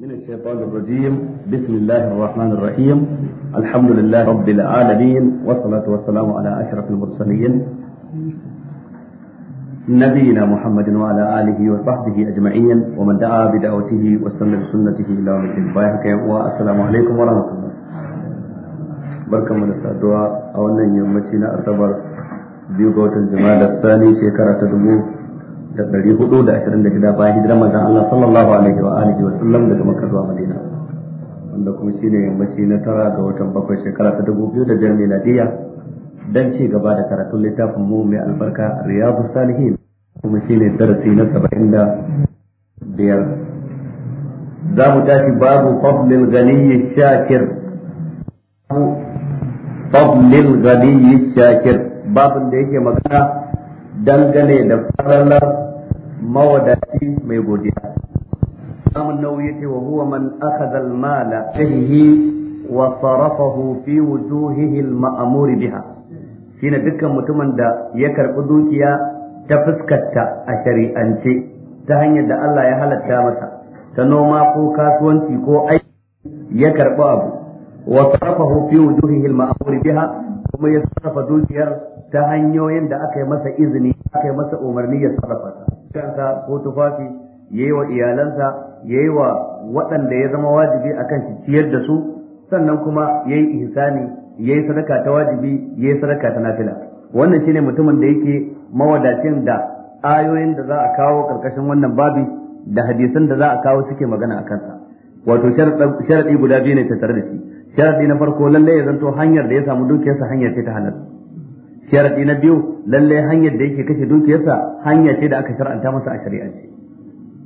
من الشيطان الرجيم بسم الله الرحمن الرحيم الحمد لله رب العالمين والصلاة والسلام على أشرف المرسلين نبينا محمد وعلى آله وصحبه أجمعين ومن دعا بدعوته واستنى بسنته إلى يوم الدين والسلام عليكم ورحمة الله بركة من الدعاء أولا يوم مشينا أعتبر بيوغوت الجمال الثاني شكرا تدبو da ɗari hudu da ashirin da shida bayan hijirar manzon Allah sallallahu alaihi wa alihi wa sallam daga Makka zuwa Madina wanda kuma shine yammaci na tara ga watan bakwai shekara ta dubu biyu da biyar miladiyya dan ci gaba da karatun littafin mu mai albarka Riyadu Salihin kuma shine darasi na saba'in da biyar za mu tashi babu fadlil ganiyyi shakir fadlil ganiyyi shakir babin da yake magana dangane da falalar mawadaci mai godiya Samun Nawawi yace wa huwa man akhadha al-mala fihi wa sarafahu fi wujuhihi al biha shine dukkan mutumin da ya karbi dukiya ta fuskarta a shari'ance ta hanyar da Allah ya halatta masa ta noma ko kasuwanci ko aiki ya karbi abu wa sarafahu fi wujuhihi al biha kuma ya sarrafa dukiyar ta hanyoyin da aka yi masa izini aka yi masa umarni ya sarrafa ta kansa ko tufafi ya yi wa iyalansa ya yi wa waɗanda ya zama wajibi akan shi ciyar da su sannan kuma ya yi ihsani yi sadaka ta wajibi ya yi sadaka ta nafila wannan shine mutumin da yake mawadacin da ayoyin da za a kawo karkashin wannan babi da hadisan da za a kawo suke magana a kansa wato sharaɗi guda biyu ne tattare da shi sharaɗi na farko lallai ya zanto hanyar da ya samu dukiyarsa hanyar ce ta halal sharadi na biyu lalle hanyar da yake kashe dukiyarsa hanya ce da aka shar'anta masa a shari'ance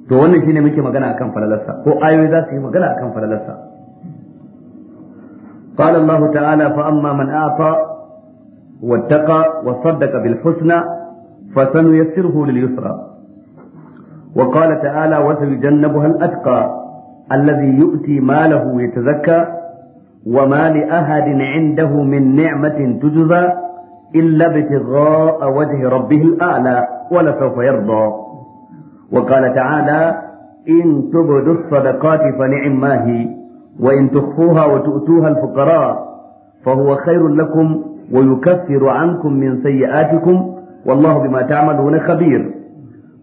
to wannan shine muke magana akan falalarsa ko ayoyi za su yi magana akan falalarsa قال الله تعالى فأما من أعطى واتقى وصدق بالحسنى فسنيسره لليسرى وقال تعالى وسيجنبها الأتقى الذي يؤتي ماله يتزكى وما لأحد عنده من نعمة تجزى إلا ابتغاء وجه ربه الأعلى ولسوف يرضى وقال تعالى إن تبدوا الصدقات فنعم هي وإن تخفوها وتؤتوها الفقراء فهو خير لكم ويكفر عنكم من سيئاتكم والله بما تعملون خبير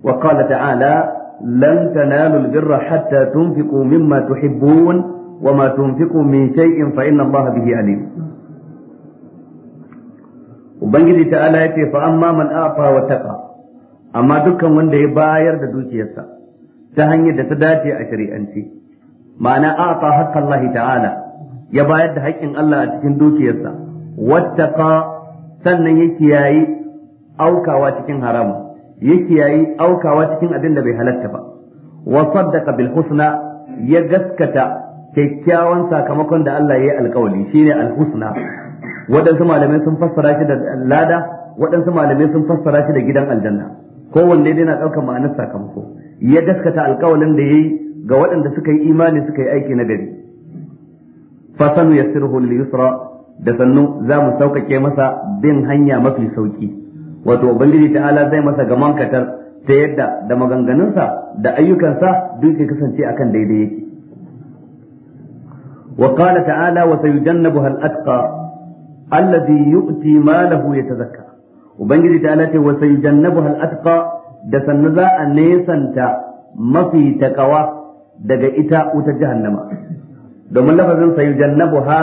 وقال تعالى لن تنالوا البر حتى تنفقوا مما تحبون وما تنفقوا من شيء فإن الله به عليم ubangiji ta'ala ya ce fa amma man afa wa taqa amma dukkan wanda ya bayar da dukiyarsa ta hanyar da ta dace a shari'ance ma'ana afa haƙƙa Allah ta'ala ya bayar da haƙƙin Allah a cikin dukiyarsa wattaqa sannan ya kiyayi aukawa cikin haram ya kiyayi aukawa cikin abin da bai halatta ba wa saddaqa bil husna ya gaskata kyakkyawan sakamakon da Allah ya yi alƙawari shine al husna waɗansu malamai sun fassara shi da lada waɗansu malamai sun fassara shi da gidan aljanna kowanne dai na ɗaukar ma'anar sakamako ya gaskata alƙawalin da ya yi ga waɗanda suka yi imani suka yi aiki na gari fasanu ya lil yusra da sannu za mu sauƙaƙe masa bin hanya mafi sauƙi wato ubangiji ta'ala zai masa gaman katar ta yadda da maganganunsa da ayyukansa duk ya kasance akan daidai yake wa qala ta'ala wa sayujannabuha al-atqa alladhi yu'ti malahu yatazakka ubangiji ta ce wa sayyidannabuha al-atqa da sannu za a nesanta mafi takawa daga ita wutar jahannama domin lafazin sayyidannabuha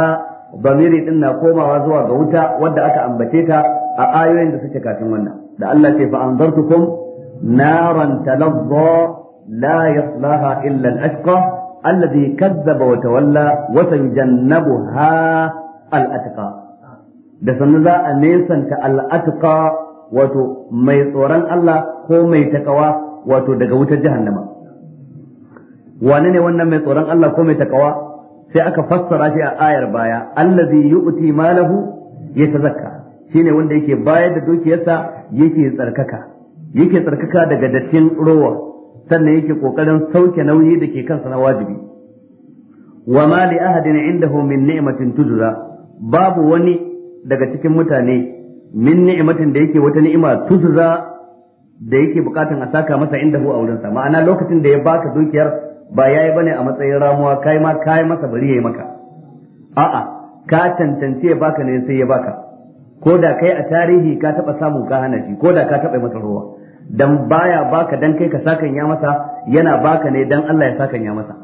bamiri din na komawa zuwa ga wuta wadda aka ambace ta a ayoyin da suke kafin wannan da Allah ce fa anzartukum naran talazza la yaslaha illa al-ashqa الذي كذب وتولى وسيجنبها الأتقى da sannu za a nesanta al'atqa wato mai tsoron Allah ko mai takawa wato daga wutar jahannama wane ne wannan mai tsoron Allah ko mai takawa sai aka fassara shi a ayar baya allazi yu'ti malahu yatazakka shine wanda yake bayar da dukiyarsa yake tsarkaka yake tsarkaka daga dattin rowa sannan yake kokarin sauke nauyi da ke kansa na wajibi wa ma li ahadin indahu min ni'matin tujza babu wani daga cikin mutane min ni'imatin da yake wata ni'ima tuzza da yake bukatan a saka masa inda hu a wurinsa ma'ana lokacin da ya baka dukiyar ba yayi bane a matsayin ramuwa kai ma kai masa bari yayi maka a'a ka tantance ya baka ne sai ya baka ko da kai a tarihi ka taba samu ka hana shi ko da ka taba masa ruwa dan baya baka dan kai ka saka ya masa yana baka ne dan Allah ya saka ya masa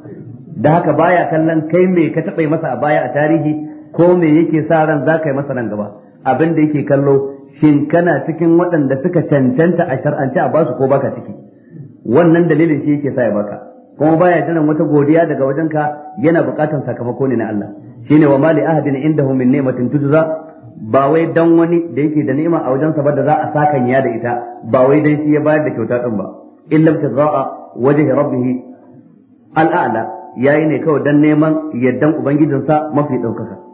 da haka baya kallon kai me ka taba masa a baya a tarihi ko me yake sa ran za ka yi masa nan gaba abin da yake kallo shin kana cikin waɗanda suka cancanta a shar'ance a basu ko baka ciki wannan dalilin shi yake sa ya baka kuma baya jiran wata godiya daga wajenka yana buƙatar sakamako ne na Allah shine wa mali ahadin indahu min ni'matin tujza ba wai dan wani da yake da ni'ima a wajensa ba da za a saka ya da ita ba wai dan shi ya bayar da kyauta din ba illa tazaa wajhi rabbih al'ala yayi ne kawai dan neman yaddan ubangijinsa mafi daukaka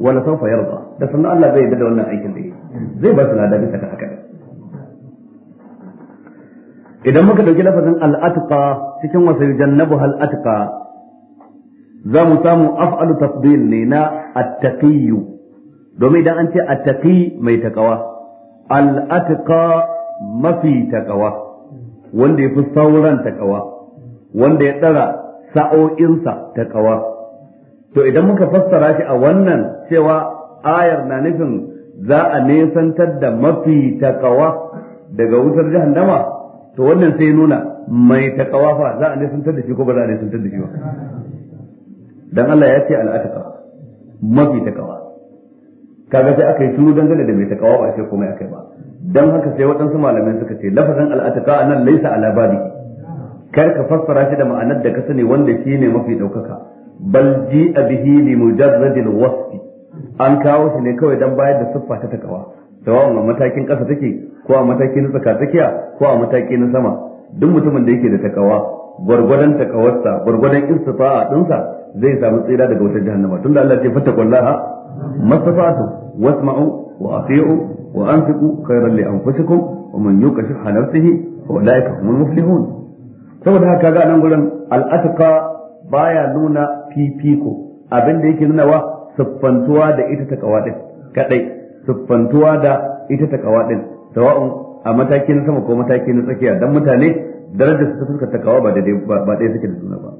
wala sawfa yarda da sannan Allah zai yarda da wannan aikin da yake zai ba su lada bisa haka idan muka dauki lafazin al cikin wasa na hal atqa za mu samu af'alu tafdil ne na at domin idan an ce at-taqi mai takawa al mafi takawa wanda ya fi sauran takawa wanda ya tsara sa'o'insa takawa to idan muka fassara shi a wannan cewa ayar na nufin za a nesantar da mafi takawa daga wutar jahannama to wannan sai nuna mai takawa fa za a nesantar da shi ko ba za a nesantar da shi ba dan Allah ya ce al'ataka mafi takawa kaga sai aka yi shiru dangane da mai takawa ba sai komai akai ba dan haka sai waɗansu malamai suka ce lafazin al'ataka nan laisa ala babi kar ka fassara shi da ma'anar da ka sani wanda shi ne mafi ɗaukaka bal ji'a bihi li mujarradil wasfi an kawo shi ne kawai dan bayar da siffa ta takawa sawa'un a matakin ƙasa take ko a mataki na tsakatsakiya ko a mataki na sama duk mutumin da yake da takawa gwargwadon takawarsa gwargwadon istifa'a dinsa zai samu tsira daga wata jahannama tunda Allah ce fattaqullaha mastafa'tu wasma'u wa ati'u wa anfiqu khayran li anfusikum wa man yuqa shuhha nafsihi fa ulaika humul muflihun saboda haka ga nan gurin al-atqa baya nuna fifiko abin da yake nuna wa siffantuwa da ita ta kawa kadai siffantuwa da ita ta kawa sawa'un a mataki na sama ko mataki na tsakiya dan mutane darajar su ta fuska ta kawa ba da ba dai suke da juna ba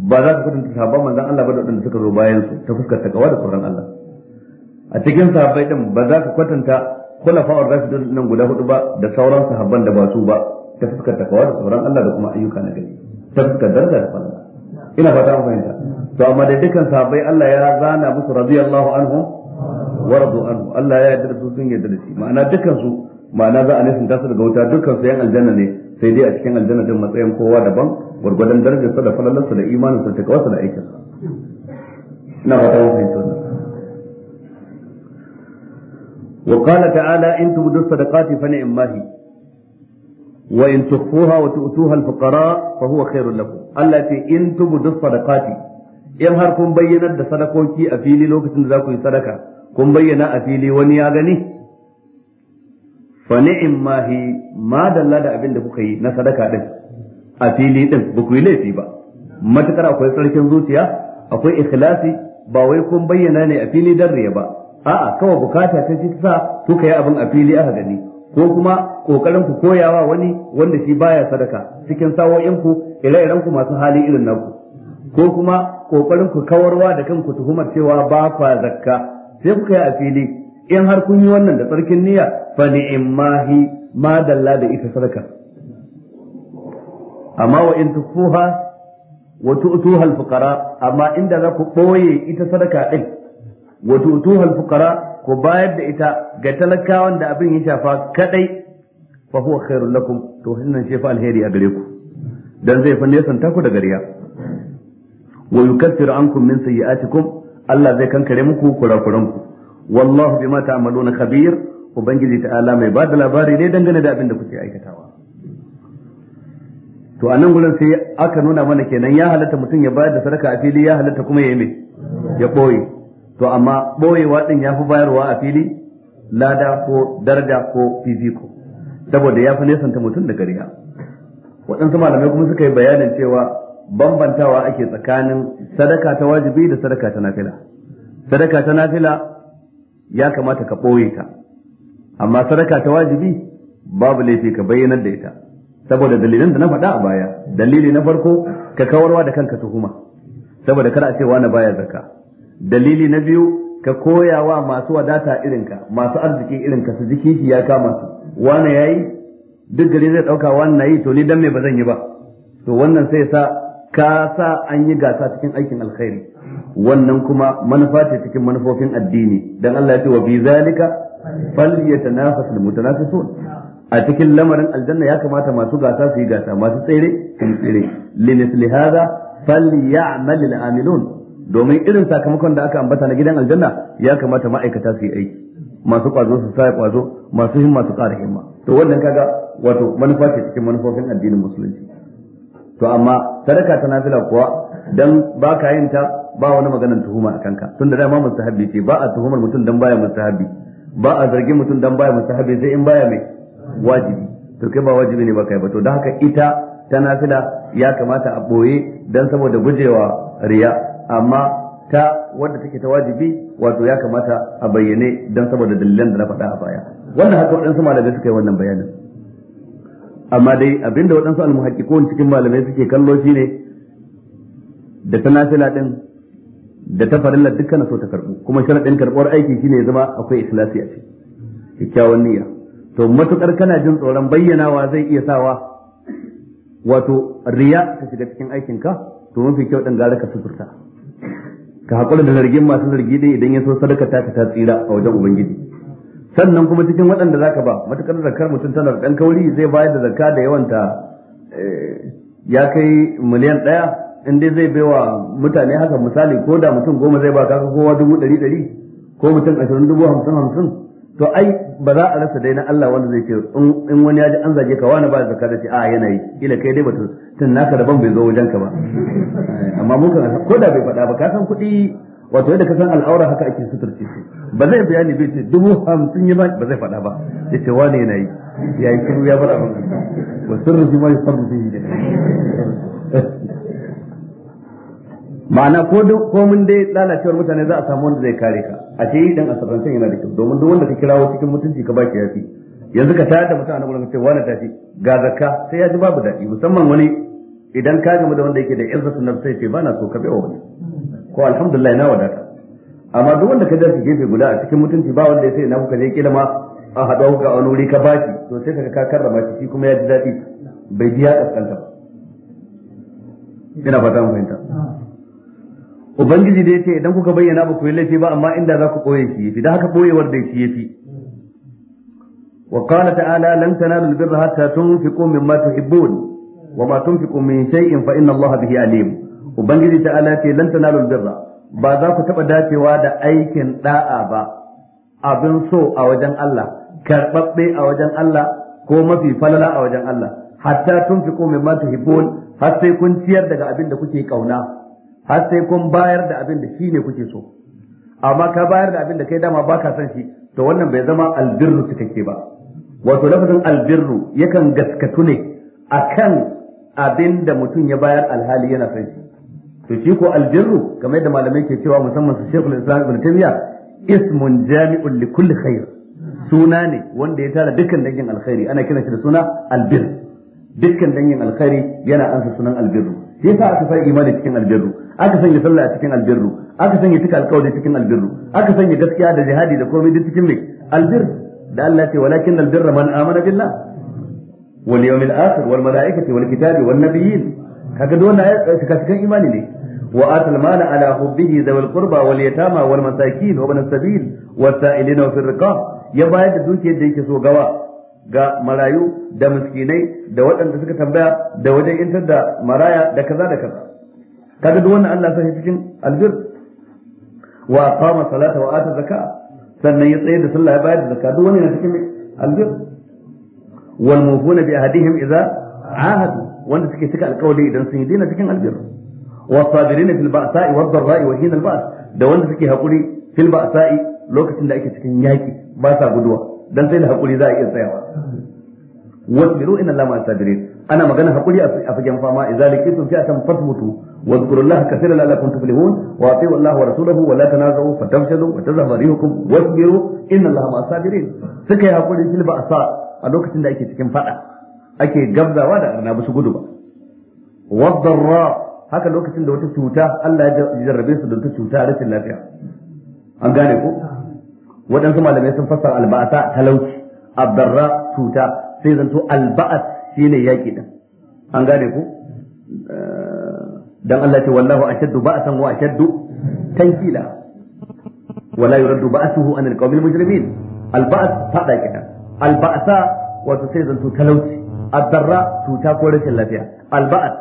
ba za ka kwatanta sabon manzon Allah ba da waɗanda suka zo bayan su ta fuskar ta kawa da tsoron Allah a cikin sahabbai din ba za ka kwatanta kulafa'ur rashidun nan guda hudu ba da sauran sahabban da ba su ba ta fuskar takawa da tsoron Allah da kuma ayyuka na gari ta fuskar daraja da falala ina fata an fahimta to amma da dukkan sahabbai Allah ya zana musu radiyallahu anhu wa radu anhu Allah ya yarda da su sun yarda da shi ma'ana dukkan su ma'ana za a nisan tasu daga wuta dukkan su yan aljanna ne sai dai a cikin aljanna din matsayin kowa daban darajar darajarsa da falalarsa da imaninsa da takawarsa da aikinsa ina fata an fahimta wannan وقال تعالى إن تبدوا الصدقات فنعم ما هي وإن تخفوها وتؤتوها الفقراء فهو خير لكم Allah ce in tubu dus sadaqati in har kun bayyanar da sadakoki a fili lokacin da za ku yi sadaka kun bayyana a fili wani ya gani fa ni'im ma hi ma dalla da abin da kuka yi na sadaka din a fili din ba ku yi laifi ba matakar akwai sarkin zuciya akwai ikhlasi ba wai kun bayyana ne a fili dan riya ba a'a kawai bukata ta ci ta kuka yi abin a fili aka gani ko kuma kokarin ku koyawa wani wanda shi baya sadaka cikin sawo'in ku ire-iren ku masu hali irin naku ko kuma kokarin ku kawarwa da kanku tuhumar cewa ba fa zakka sai kuka yi a fili in har kun yi wannan da tsarkin niyya fa ni'mahi ma dalla da ita sadaka amma wa in tufuha wa tu'tuha al-fuqara amma inda za ku boye ita sadaka din wa tu'tuha al-fuqara ku bayar da ita ga talakawan da abin ya shafa kadai fa huwa khairul lakum to wannan shi fa alheri a gare ku dan zai fa ta taku da gariya wa yukaffiru ankum min sayyi'atikum Allah zai kankare muku kurakuran ku wallahu bima ta'maluna khabir ubangiji ta'ala mai ba da labari ne dangane da abin da kuke aikatawa to a nan gurin sai aka nuna mana kenan ya halatta mutum ya bayar da sadaka a fili ya halatta kuma ya yi ya ɓoye to amma ɓoyewa ɗin ya fi bayarwa a fili lada ko daraja ko fiziko saboda ya yafi nesanta mutum da gariya waɗansu malamai kuma suka yi bayanin cewa bambantawa ake tsakanin sadaka ta wajibi da sadaka ta nafila sadaka ta nafila ya kamata ka ɓoye ta amma sadaka ta wajibi babu laifi ka bayyanar da ita saboda dalilin da na faɗa a baya dalili na farko ka kawarwa da kanka tuhuma saboda kada a ce wani baya zakka dalili na biyu ka koya wa masu wadata irinka masu arziki irinka su ji ya kama su wani yi duk gari zai dauka wannan yi to ni dan me ba zan yi ba to wannan sai sa ka sa an yi gasa cikin aikin alkhairi wannan kuma manufa ce cikin manufofin addini dan Allah ya ce wa bi zalika falyatanafasul mutanafisun a cikin lamarin aljanna ya kamata masu gasa su yi gasa masu tsere su tsere limisli hadha falyamal amilun domin irin sakamakon da aka ambata na gidan aljanna ya kamata ma'aikata su yi aiki masu kwazo su sa kwazo masu himma su ƙara himma to wannan kaga wato manufa ce cikin manufofin addinin musulunci to amma sadaka ta nafila kuwa dan ba ka yin ta ba wani maganar tuhuma a kanka tunda dama mustahabi ce ba a tuhumar mutum dan baya mustahabi ba a zargin mutum dan baya mustahabi sai in baya mai wajibi to kai ba wajibi ne ba kai ba to don haka ita ta nafila ya kamata a boye dan saboda gujewa riya amma ta wadda take ta wajibi wato ya kamata a bayyane don saboda dalilan da na faɗa a baya wannan haka waɗansu malamai suka yi wannan bayanin amma dai abinda waɗansu almuhakkikun cikin malamai suke kallo shi ne da ta nafila ɗin da ta farilla dukkan so ta karɓu kuma sharaɗin karɓuwar aiki shine ya zama akwai ikhlasi a ciki kyakkyawan niyya to matukar kana jin tsoron bayyanawa zai iya sawa wato riya ta shiga cikin aikinka to mafi kyau ɗin gara ka sufurta ka haƙura da zargin masu zargi dai idan ya so sadaka ta ka ta tsira a wajen ubangiji sannan kuma cikin waɗanda zaka ba matukar zakar mutum tana da ɗan kauri zai bayar da zakka da yawan ta eh, ya kai miliyan ɗaya in dai zai baiwa mutane haka misali ko da mutum goma zai ba kaka kowa dubu ɗari ɗari ko mutum ashirin dubu hamsin hamsin to ai ba za a rasa dai na Allah wanda zai ce in wani ya ji an zage ka wani ba zakka da ce a yana yi kila kai dai ba tun naka daban bai zo wajen ka ba eh, amma mun kan ko da bai faɗa ba ka san kuɗi wato yadda ka san al'aura haka ake suturce su ba zai bayani bai ce dubu hamsin ya ba zai faɗa ba ya ce wani yana yi ya yi shiru ya bar abin wa sirri ma zai yi ma'ana ko ko mun dai lalacewar mutane za a samu wanda zai kare ka a ce yi dan asabrantan yana da kyau domin duk wanda ka kirawo cikin mutunci ka baki yafi yanzu ka tayar da mutum a nan ce wani tashi ga zakka sai ya ji babu daɗi musamman wani idan ka gamu da wanda yake da izzatu nafs sai ce bana so ka bai wani ko alhamdulillah na wadata amma duk wanda ka dace gefe guda a cikin mutunci ba wanda ya sai na kuka je kila ma a haɗa ka a wani wuri ka baki to sai ka ka karrama shi kuma ya ji daɗi bai ji ya kaskanta ba ina fata mun fahimta ubangiji da ce idan kuka bayyana ba ku yi laifi ba amma inda za ku koye shi yafi da haka koyewar da shi yafi wa qala ta'ala lan tanalu albirra hatta tunfiqu mimma tuhibbun wa ma tunfiqu min shay'in fa inna allaha bihi alim ubangiji ta'ala ce lan tanalu albirra ba za ku taba dacewa da aikin da'a ba abin so a wajen Allah karbabbe a wajen Allah ko mafi falala a wajen Allah hatta tunfiqu mimma tuhibbun har sai kun ciyar daga abin da kuke kauna har sai kun bayar da abin da ne kuke so amma ka bayar da abin da kai dama baka son shi to wannan bai zama albirru cikakke ba wato lafazin albirru yakan gaskatu ne akan abin da mutum ya bayar alhali yana son shi to shi ko albirru kamar yadda malamai ke cewa musamman su Sheikhul Islam Ibn Taymiyyah ismun jami'un li kulli khair suna ne wanda ya tara dukkan dangin alkhairi ana kiran shi da suna albir dukkan dangin alkhairi yana ansa sunan albirru shi yasa aka sa imani cikin albirru aka sanya sallah a cikin albirru aka sanya tuka alƙawari cikin albirru aka sanya gaskiya da jihadi da komai duk cikin mai albir da Allah ce walakin albirra man amana billah wal yawmil akhir wal malaikati wal kitabi wan nabiyyin kaga dole shika cikin imani ne wa atal mala ala hubbihi zawil qurba wal yatama wal masakin wa ibn as-sabil was sa'ilina fi ya bayar da dukiyar da yake so gawa ga marayu da miskinai da waɗanda suka tambaya da wajen intar da maraya da kaza da kaza kaga duk wannan Allah sai cikin albir wa qama salata wa ata zakat sannan ya tsaye da sallah ya bayar da zakat duk wannan yana cikin albir wal mufuna bi ahadihim idza ahadu wanda suke cika alƙawari idan sun yi dina cikin albir wa sabirina fil ba'sa'i wad dharra'i wa hina al ba's da wanda suke hakuri fil ba'sa'i lokacin da ake cikin yaki ba sa guduwa dan sai da hakuri za a iya tsayawa wasbiru inna allaha sabirin ana magana hakuri a fagen fama idza lakitum fi'atan fasbutu واذكروا الله كثيرا لعلكم تفلحون واطيعوا الله ورسوله ولا تنازعوا فتفشلوا وتذهب ريحكم واصبروا ان الله مع الصابرين سكاي hakuri fil ba'sa a lokacin da ake cikin fada ake gabzawa da arna su gudu ba wadarra haka lokacin da wata cuta Allah ya jarrabe su da wata cuta rashin lafiya an gane ko waɗansu malamai sun fassara alba'asa talauci abdarra cuta sai zanto alba'as shine yaki din an gane ku eh, dan Allah ce wallahu ashaddu ba'san wa ashaddu tankila wala yuraddu ba'suhu an alqawmil mujrimin alba'as fada kenan Alba'asa wato sai zanto talauci addarra cuta ko rashin lafiya alba'as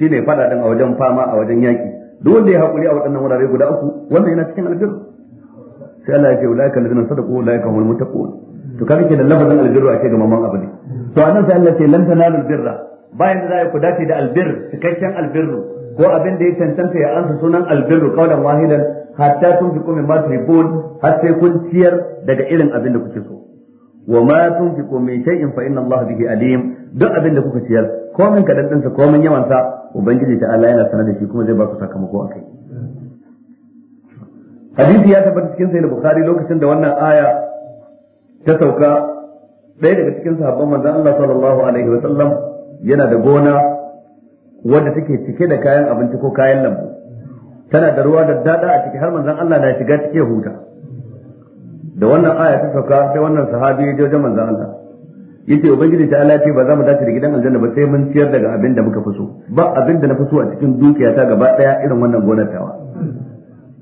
shine fada din a wajen fama a wajen yaki duk wanda ya hakuri a waɗannan wurare guda uku wannan yana cikin albir sai Allah ya ce ulaika alladhina sadaqu ulaika humul muttaqun to kaga ke da lafazin albirru a ce ga mamman abu ne to anan sai Allah ya ce lan tanalul birra bayan da za ku dace da albir cikakken albirru ko abin da ya cancanta ya ansa sunan albirru kaulan wahidan hatta tunfiqu mimma tuhibbun har sai kun ciyar daga irin abin da kuke so wa ma tunfiqu min shay'in fa inna Allah bihi alim duk abin da kuka ciyar komin kadan din sa komin yawan sa ubangiji ta Allah yana sanar da shi kuma zai ba ku sakamako akai hadisi ya tabbata cikin da bukhari lokacin da wannan aya ta sauka ɗaya daga cikin sahabban manzon Allah sallallahu alaihi wa sallam yana da gona wadda take cike da kayan abinci ko kayan lambu tana da ruwa da dada a ciki har manzon Allah na shiga cike huta da wannan aya ta sauka sai wannan sahabi ya je wajen manzon Allah yace ubangiji ta Allah ce ba za mu dace da gidan aljanna ba sai mun ciyar daga abin da muka fi so ba abin da na fi so a cikin dukiyata gaba daya irin wannan gonar tawa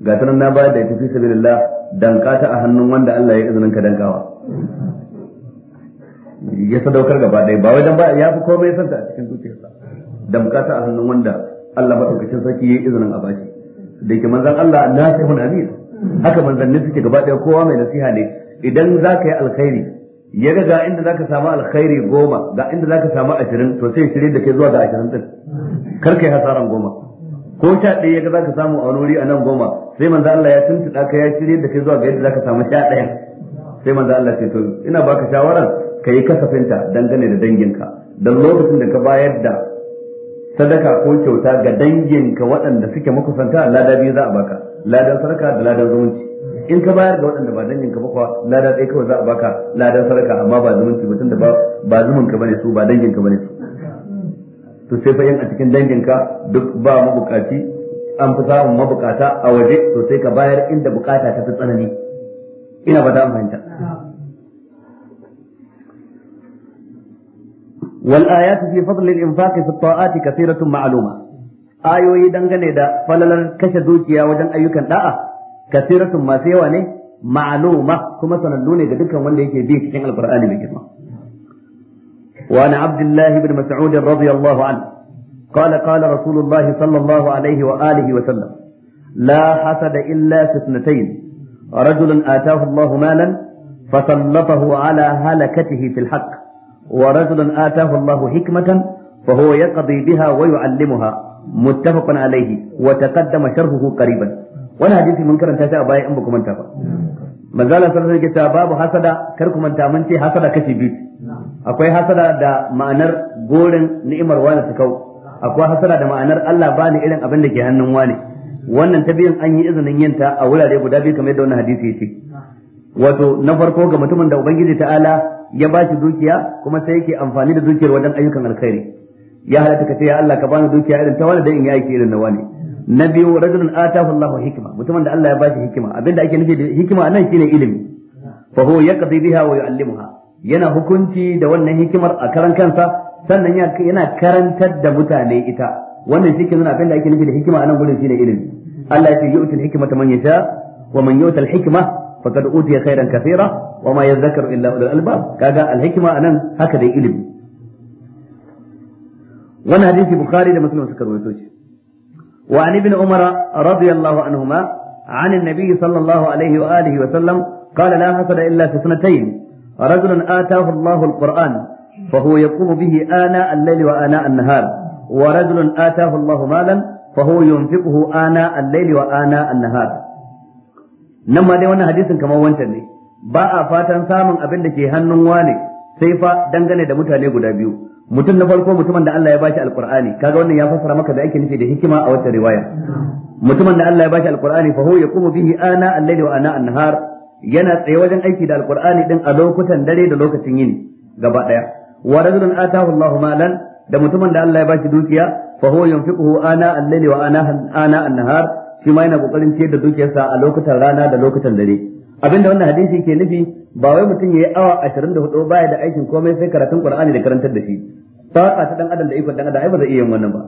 ga ta nan na bayar da ita fi sabilillah danka ta a hannun wanda Allah ya izinin ka dankawa ya sadaukar gaba ɗaya ba wajen ba ya fi komai san ta a cikin zuciyarsa danka ta a hannun wanda Allah madaukakin sarki ya izinin a bashi da ke manzon Allah na nasihun amin haka manzanni suke gaba ɗaya kowa mai nasiha ne idan za ka yi alkhairi ya ga ga inda za ka samu alkhairi goma ga inda za ka samu ashirin to sai shirin da ke zuwa ga ashirin ɗin, kar ka yi hasaran goma ko sha ɗaya ya ga za ka samu a wani wuri a nan goma sai manzo Allah ya tuntuɗa ka ya shirye da kai zuwa ga yadda zaka samu sha ɗaya sai manzo Allah ce to ina baka shawaran ka yi kasafinta dangane da danginka dan lokacin da ka bayar da sadaka ko kyauta ga danginka waɗanda suke makusanta lada biyu za a baka ladan sarka da ladan zumunci in ka bayar ga waɗanda ba danginka ba kuwa lada ɗaya kawai za a baka ladan sarka. amma ba zumunci ba tunda ba zumunka bane su ba danginka bane su to sai fa yin a cikin danginka duk ba mabukaci an fi samun mabukata a waje sosai ka bayar inda bukata ta fi tsanani ina ba ta fahimta wal ayatu fi fadl al infaq fi ta'ati kathiratun ma'luma ayoyi dangane da falalar kashe dukiya wajen ayyukan da'a kathiratun masu yawa ne ma'luma kuma sanannu ne ga dukkan wanda yake bi cikin alqur'ani mai girma wa ana abdullahi ibn mas'ud radiyallahu قال قال رسول الله صلى الله عليه وآله وسلم لا حسد إلا في اثنتين رجل آتاه الله مالا فسلطه على هلكته في الحق ورجل آتاه الله حكمة فهو يقضي بها ويعلمها متفق عليه وتقدم شرحه قريبا وانا حديثي من كرن a baya in ba kuma ba manzalan sallallahu alaihi wasallam babu hasada kar ku manta mun ce hasada kashi biyu akwai hasada da ma'anar gorin ni'imar wani ta kau akwai hasara da ma'anar Allah bani irin abin da ke hannun wani wannan ta biyun an yi izinin yin ta a wurare guda biyu kamar yadda wannan hadisi yake. wato na farko ga mutumin da ubangiji ta'ala ya ba shi dukiya kuma sai yake amfani da dukiyar wajen ayyukan alkhairi ya halatta ka ce ya Allah ka bani dukiya irin ta wani dan in yi aiki irin na wani na biyu rajulun atahu Allahu hikima. mutumin da Allah ya bashi hikima abinda ake nufi da hikima nan shine ilimi fa huwa yaqdi biha wa yu'allimuha yana hukunci da wannan hikimar a karan kansa sannan yana karantar da mutane ita wannan shi ke nuna abin da ake nufi da hikima a nan gurin shine ilimi Allah ya ce yu'til hikmata man yasha wa man yu'tal hikma faqad utiya khairan kathira wa ma ya zakar illa ulul albab kaga alhikima a nan haka da ilimi wannan hadisi bukhari da muslim suka rawaito shi wa an ibn umara radiyallahu anhuma عن النبي صلى الله عليه وآله وسلم قال لا حسد إلا في سنتين رجل آتاه الله القرآن فهو يقوم به آناء الليل وآناء النهار ورجل آتاه الله مالا فهو ينفقه آناء الليل وآناء النهار nan ma dai wannan hadisin kamar wancan ne ba a fatan samun abin da ke hannun wane sai fa dangane da mutane guda biyu mutum na farko mutumin da Allah ya bashi alqur'ani kaga wannan ya fassara maka da ake nufi da hikima a wata riwaya mutumin da Allah ya bashi alqur'ani fa huwa bihi ana al-layli wa ana an-nahar yana tsaye wajen aiki da alqur'ani ɗin a lokutan dare da lokacin yini gaba daya wa rajulun atahu Allahu malan da mutumin da Allah ya baki dukiya fa huwa yunfiquhu ana al-layli wa ana ana an-nahar shi ma yana kokarin ciyar da dukiyarsa a lokutan rana da lokutan dare abinda wannan hadisi ke nufi ba wai mutum yayi awa 24 baya da aikin komai sai karatun Qur'ani da karantar da shi sa'a ta dan adam da ikon dan adam ai ba zai iya yin wannan ba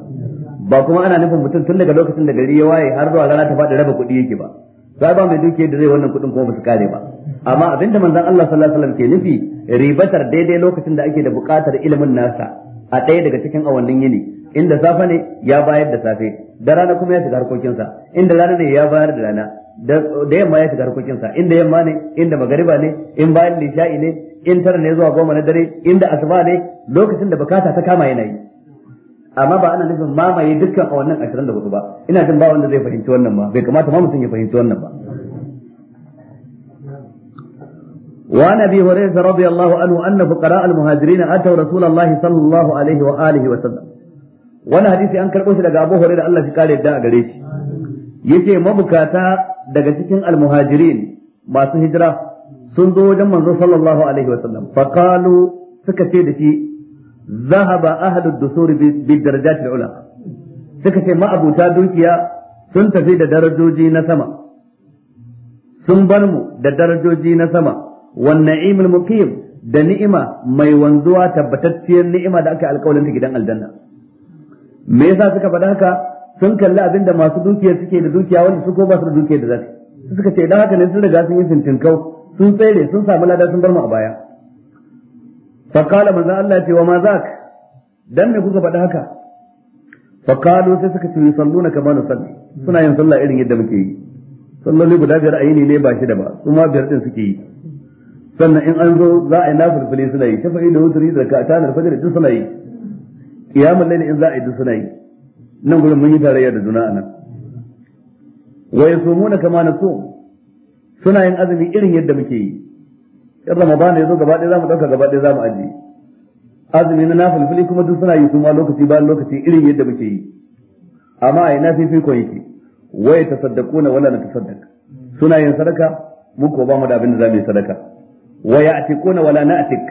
ba kuma ana nufin mutum tun daga lokacin da gari ya waye har zuwa rana ta faɗi raba kuɗi yake ba za ba mai dukiyar da zai wannan kuɗin kuma ba su kare ba amma abinda manzon Allah sallallahu alaihi wasallam ke nufi ribatar daidai lokacin da ake da buƙatar ilimin nasa a ɗaya daga cikin awannin yini inda safa ne ya bayar da safe da rana kuma ya shiga harkokinsa inda rana ne ya bayar da rana da yamma ya shiga harkokinsa inda yamma ne inda magariba ne in bayan lisha'i ne in tara ne zuwa goma na dare inda asuba ne lokacin da bukata ta kama yana yi amma ba ana nufin mamaye dukkan awannin ashirin da hudu ba ina jin ba wanda zai fahimci wannan ba bai kamata ma mutum ya fahimci wannan ba وعن ابي هريره رضي الله عنه ان فقراء المهاجرين اتوا رسول الله صلى الله عليه واله وسلم وانا حديثي ان كربو daga Abu Hurairah Allah shi kare da gare shi yace mabukata daga cikin almuhajirin masu hijira sun zo wajen manzo sallallahu alaihi wasallam fa qalu suka ce da shi zahaba ahlu dusur bi darajat ula suka ce ma'abuta dukiya sun tafi da darajoji na sama sun bar mu da darajoji na sama wan na'imul muqim da ni'ima mai wanzuwa tabbatacciyar ni'ima da aka alƙawarin ta gidan aljanna me yasa suka faɗa haka sun kalli abin da masu dukiya suke da dukiya wanda su ko ba su da dukiya da suka ce dan haka ne sun riga sun yi fintinkau sun tsere sun samu lada sun bar mu a baya fa qala manzo Allah ce wa ma zak dan me kuka faɗa haka fa sai suka ce yusalluna kama nusalli suna yin sallah irin yadda muke yi salloli guda biyar a yini ne ba shi da ba su ma biyar din suke yi sannan in an zo za a yi nafilfili suna yi ta fa'i da wuturi da ka tanar fajar duk suna yi kiyamul layli in za a yi duk suna yi nan gurin mun yi tarayya da juna anan wa yasumuna kama su suna yin azumi irin yadda muke yi in ramadan ya zo gaba ɗaya za mu dauka gaba ɗaya za mu ajiye azumi na nafilfili kuma duk suna yi ma lokaci bayan lokaci irin yadda muke yi amma a yi fifi ko yake wa yatasaddaquna wala natasaddaq suna yin sadaka mu ko ba mu da abin da mu yi sadaka wa ya'tikuna wala na'tik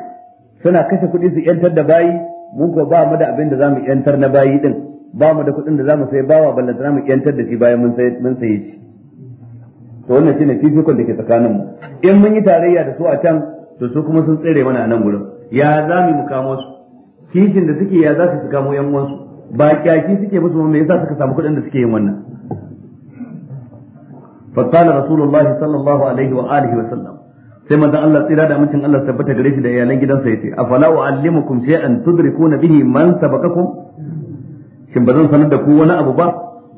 suna kashe kuɗi su yantar da bayi mu ko ba mu da abin da zamu yantar na bayi din ba mu da kuɗin da zamu sai bawa balla za mu yantar da shi bayan mun sai mun saye shi to wannan shine fifikon da ke tsakanin mu in mun yi tarayya da su a can to su kuma sun tsere mana a nan gurin ya za mu kamo su kishin da suke ya za su su kamo yan uwansu ba kyaki suke musu me yasa suka samu kuɗin da suke yin wannan فقال رسول الله صلى الله عليه وآله وسلم sai manzon Allah tsira da mutun Allah tabbata gare shi da iyalan gidansa yace afala allimukum shay'an tudrikuna bihi man sabakakum shin ba zan sanar da ku wani abu ba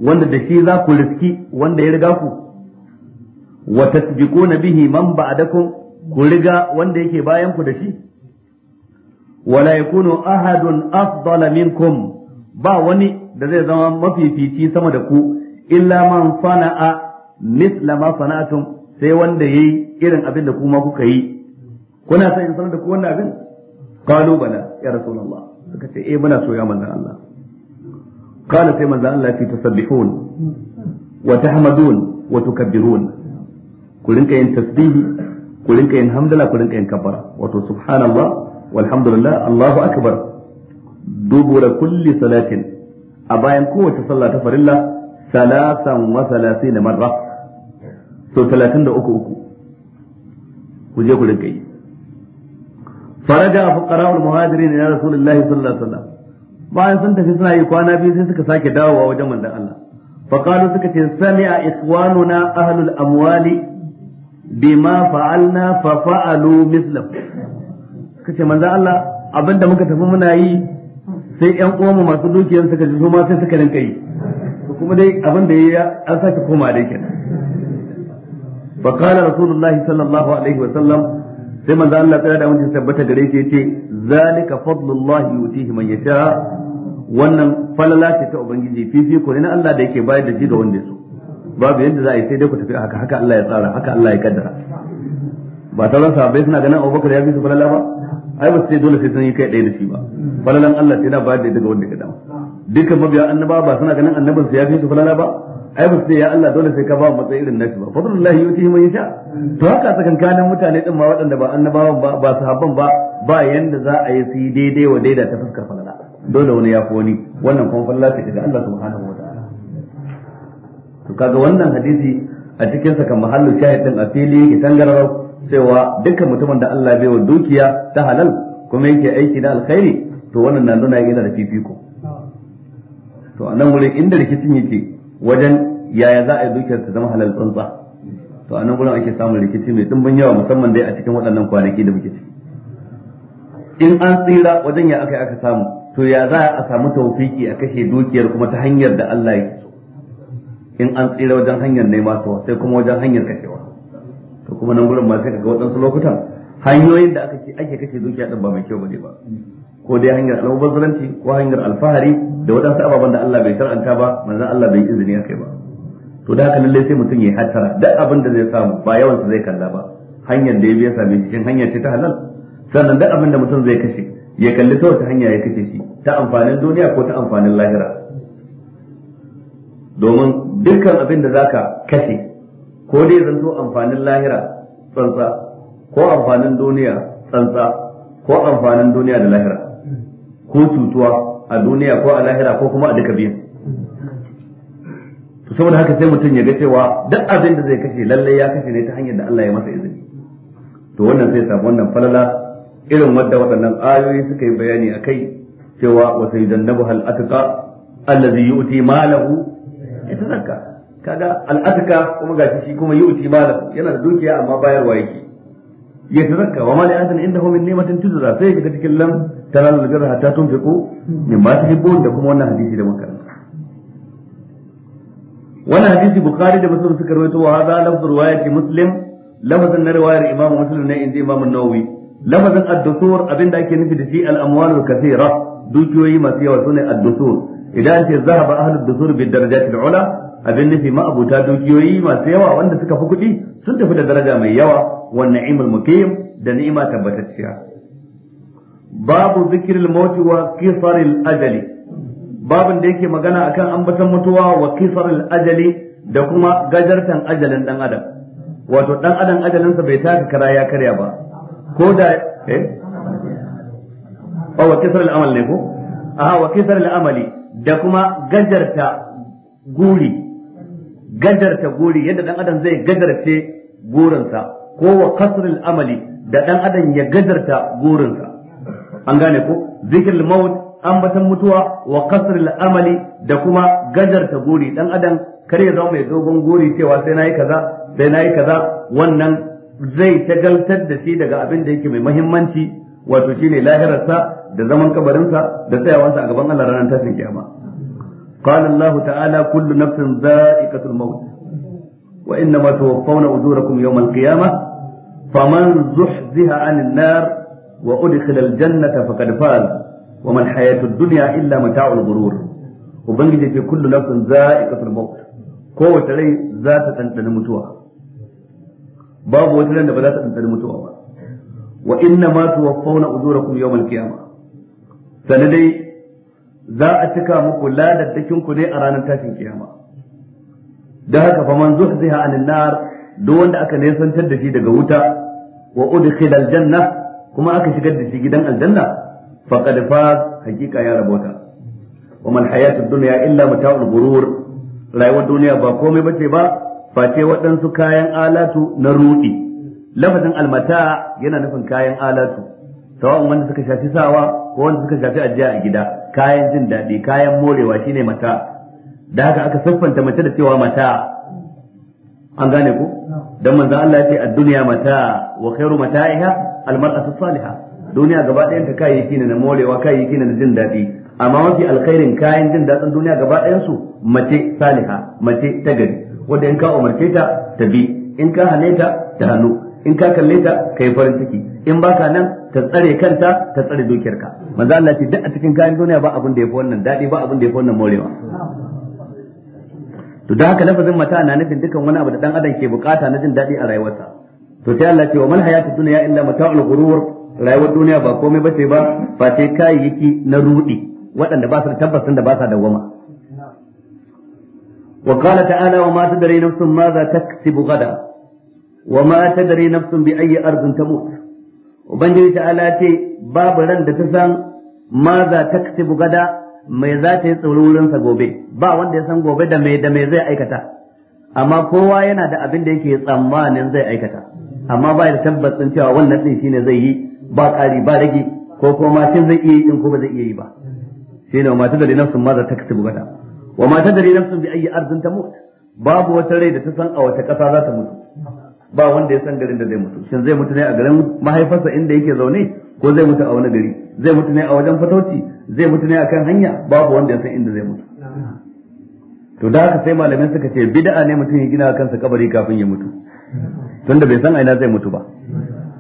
wanda da shi za ku riski wanda ya riga ku wa tasbiquna bihi man ba'dakum ku riga wanda yake bayan ku da shi wala yakunu ahadun afdala minkum ba wani da zai zama mafifici sama da ku illa man sana'a misla ma sana'atum sai wanda ya yi irin abin da kuma kuka yi kuna son in sanar da ku wannan abin qalu bala ya rasulullah suka ce eh muna so ya manzon Allah qala sai manzon Allah ya tasabbihun wa tahmadun wa tukabbirun ku rinka yin tasbihi ku rinka yin hamdala ku rinka yin kabbara wato subhanallah walhamdulillah allahu akbar dubura kulli salatin a bayan kowace sallah ta farilla salasan wa da marra so talatin da uku uku ku je ku rinka yi faraja fuqara'ul muhajirin ila rasulillahi sallallahu alaihi wasallam bayan sun tafi suna yi kwana biyu sai suka sake dawowa wajen manzon Allah faqalu suka ce sami'a ikhwanuna ahlul amwali bima fa'alna fa fa'alu mislam suka ce manzon Allah abinda muka tafi muna yi sai ƴan uwanmu masu dukiyar suka ji su ma sai suka rinka yi kuma dai abin da ya an sake koma dai kenan فقال رسول الله sallallahu alaihi wa sallam sai manzo Allah تعالى da mun tabbata gare shi yace zalika fadlullahi yutihi man yasha wannan falala ce ta ubangiji fifi ko ne Allah da yake bayar da shi ga wanda so babu yadda za a yi sai dai ku tafi haka haka Allah ya tsara haka Allah ya kaddara ba sauran sahabbai suna ganin Abubakar ya fi su falala ba ai ba sai dole sai sun yi kai ɗaya da shi ba falalan Allah sai na bayar da daga wanda ka annaba ba suna ganin ya fi su falala ba ai ba sai ya Allah dole sai ka ba matsayin irin shi ba fadlullahi yutihi man yasha to haka kanan mutane din ma waɗanda ba annabawan ba ba sahabban ba ba yanda za a yi su daidai wa daida ta fuskar falala dole wani ya wani wannan kuma falala ce daga Allah subhanahu wa ta'ala to kaga wannan hadisi a cikin sa kan mahallu din asili fili tangararau cewa dukkan mutumin da Allah bai wa dukiya ta halal kuma yake aiki da alkhairi to wannan na nuna yana da fifiko to a nan wurin inda rikicin yake wajen yaya za a yi dukiyar ta zama halal tsantsa to a nan gurin ake samun rikici mai dimbin yawa musamman dai a cikin waɗannan kwanaki da muke ciki in an tsira wajen ya aka yi aka samu to ya za a samu taufiki a kashe dukiyar kuma ta hanyar da Allah ya so in an tsira wajen hanyar nema to sai kuma wajen hanyar kashewa to kuma nan gurin ma sai kaga waɗansu lokutan hanyoyin da ake kashe dukiya din ba mai kyau bane ba ko dai hanyar almubazzaranci ko hanyar alfahari da waɗansu ababen da Allah bai shar'anta ba manzon Allah bai izini akai ba to da haka lallai sai mutum ya hattara duk abin da zai samu ba yawan sa zai kalla ba hanyar da ya biya same shi hanyar ce ta halal sannan duk abin da mutum zai kashe ya kalli ta wata hanya ya kashe shi ta amfanin duniya ko ta amfanin lahira domin dukkan abin da zaka kashe ko dai zanto amfanin lahira tsantsa ko amfanin duniya tsantsa ko amfanin duniya da lahira ko cutuwa a duniya ko a lahira ko kuma a duka biyan to saboda haka sai mutum ya ga cewa duk abin da zai kashe lalle ya kashe ne ta hanyar da Allah ya masa izini to wannan sai samu wannan falala irin wadda waɗannan ayoyi suka yi bayani kai cewa wa sayyidannabuha al-atqa allazi yu'ti malahu yatazakka kaga al'ataka kuma gashi shi kuma yi yuti mala yana da dukiya amma bayarwa yake ya tazakka wa mali adana inda hu min ni'matin tujza sai ga cikin lam Tana lalgar tanalul birra hatta ba ta tuhibbun da kuma wannan hadisi da muka wannan hadisi bukhari da muslim suka rawaito wa hadha lafzu riwayati muslim lafazin na riwayar imam muslim ne inda imamu nawawi lafazin ad-dusur abinda ake nufi da shi al-amwal al-kathira dukiyoyi masu yawa sune ad-dusur idan ce zahaba ahlud dusur bi darajati al-ula abin nufi ma abuta dukiyoyi masu yawa wanda suka fi kuɗi sun tafi da daraja mai yawa wa na'imul muqim da ni'ima tabbatacciya babu zikril mauti wa qisaril ajali babin da yake magana akan ambatan mutuwa wa qisaril ajali da kuma gajartan ajalin dan adam wato dan adam ajalinsa bai taka kara ya karya ba ko da eh wa qisaril amal ne ko aha wa qisaril amali da kuma gajarta guri gajarta guri yadda dan adam zai gajarce gurinsa ko wa kasrul amali da dan adam ya gajarta gurinsa an gane ko zikrul maut ambatan mutuwa wa qasrul amali da kuma gajarta guri dan adam kar ya zama mai dogon guri cewa sai nayi kaza sai yi kaza wannan zai tagaltar da shi daga abin da yake mai mahimmanci wato shine lahirarsa da zaman kabarinsa da tsayawansa a gaban Allah ranar tashin kiyama qala Allah ta'ala kullu nafsin dha'iqatul maut wa innama tuwaffawna ujurakum yawmal qiyamah faman zuhziha 'anil وأدخل الجنة فقد فاز وما الحياة الدنيا إلا متاع الغرور وبنجد في كل نفس ذائقة الموت كو تري ذات تنتن متوى باب وتري ذات تنتن متوى وإنما توفون أجوركم يوم القيامة سندي za a cika muku ladaddakin ku ne a ranar tashin kiyama da haka fa man zuhziha anin nar duk wanda aka nesantar da shi daga wuta wa udkhila aljanna kuma aka shigar da shi gidan aljanna faqad fa hakika ya rabota wa mal hayatu dunya illa mata'ul ghurur rayuwar duniya ba komai bace ba face waɗansu kayan alatu na rudi lafazin almata yana nufin kayan alatu sawa'un wanda suka shafi sawa ko wanda suka shafi ajiya a gida kayan jin daɗi kayan morewa shine mata da haka aka siffanta mace da cewa mata an gane ku dan manzo Allah ya ce ad-dunya mata wa khairu mata'iha almar'atu Saliha, duniya gaba ɗayan ta kayayyaki ne na morewa kayayyaki ne na jin daɗi amma mafi alkhairin kayan jin daɗin duniya gaba ɗayan su mace saliha mace ta gari wanda in ka umarce ta ta bi in ka hane ta ta hannu in ka kalle ta ka yi farin ciki in baka nan ta tsare kanta ta tsare dukiyarka manzo Allah ce duk a cikin kayan duniya ba abin da yafi wannan daɗi ba abin da yafi wannan morewa to da haka lafazin mata na nufin dukan wani abu da dan adam ke bukata na jin daɗi a rayuwarsa to sai Allah ce wa mal hayatu dunya illa mata'ul ghurur rayuwar duniya ba komai bace ba ba sai kayayyaki na rudi waɗanda ba su da tabbas da ba sa dawwama wa qala ta'ala wa ma tadri nafsun ma za taksibu gada wa ma tadri nafsun bi ayyi ardin tamut ubangiji ta'ala ce babu ran da ta san ma za taksibu gada mai za ta yi tsoro wurinsa gobe ba wanda ya san gobe da mai da mai zai aikata amma kowa yana da abin da yake tsammanin zai aikata amma ba da tabbacin cewa wannan din shine zai yi ba ƙari ba rage ko ko ma zai iya yi din ko ba zai iya yi ba shine ma tadari nafsun ma za ta kasu gata wa ma tadari nafsun bi arzin ta mutu babu wata rai da ta san a wata ƙasa za ta mutu ba wanda ya san garin da zai mutu shin zai mutu ne a garin mahaifarsa inda yake zaune ko zai mutu a wani gari zai mutu ne a wajen fatoci zai mutu ne a kan hanya babu wanda ya san inda zai mutu to da haka sai malamin suka ce bid'a ne mutum ya gina kansa kabari kafin ya mutu tunda bai san aina zai mutu ba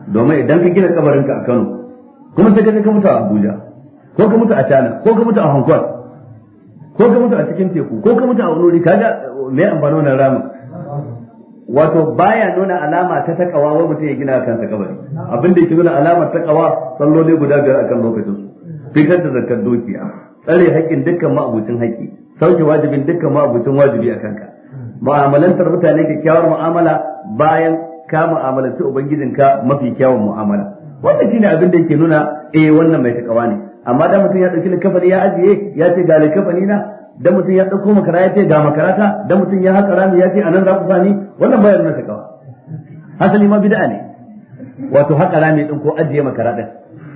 domin idan ka gina kabarinka a Kano kuma sai ka ka mutu a Abuja ko ka mutu a China ko ka mutu a Hong Kong ko ka mutu a cikin teku ko ka mutu a wani ga uh, me amfani wannan ramin wato baya nuna alama ta takawa wa mutum ya gina kansa kabari abin da yake nuna ta takawa sallole guda biyar akan lokacin su fitar da zakar dukiya tsare haƙƙin dukkan ma'abucin haƙƙi sauke wajibin dukkan ma'abucin wajibi a kanka Ma'amalantar mutane kyakkyawar mu'amala bayan ka mu'amalanci ubangijinka mafi kyawun mu'amala wannan shine abin da yake nuna eh wannan mai takawa ne amma da mutum ya dauki likafani ya ajiye ya ce ga kafani na da mutum ya dauko makara ya ce ga makarata da mutum ya haka rami ya ce anan za ku sani wannan bayan nuna takawa hasali ma bid'a ne wato haka rami din ko ajiye makara din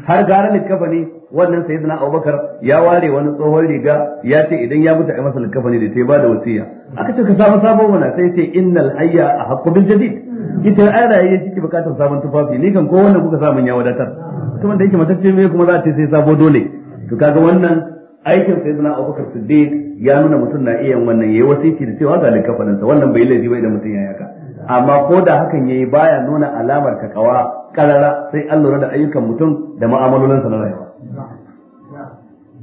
har gara likafani wannan sayyidina Abubakar ya ware wani tsohon riga ya ce idan ya mutu a masa likafani da sai ba da wasiya aka ce ka samu sabon wani sai ce innal hayya a haqqu bil jadid ita ai raye shi ke bukatar sabon tufafi ni kan ko wanda kuka sa mun ya wadatar kuma da yake matacce me kuma za a ce sai sabo dole to kaga wannan aikin sayyidina Abubakar Siddiq ya nuna mutum na iya wannan yayi yake da cewa ga likafanin sa wannan bai laifi ba idan mutum ya yaka amma ko da hakan yayi baya nuna alamar takawa karara sai an lura da ayyukan mutum da ma'amalolinsa na rayuwa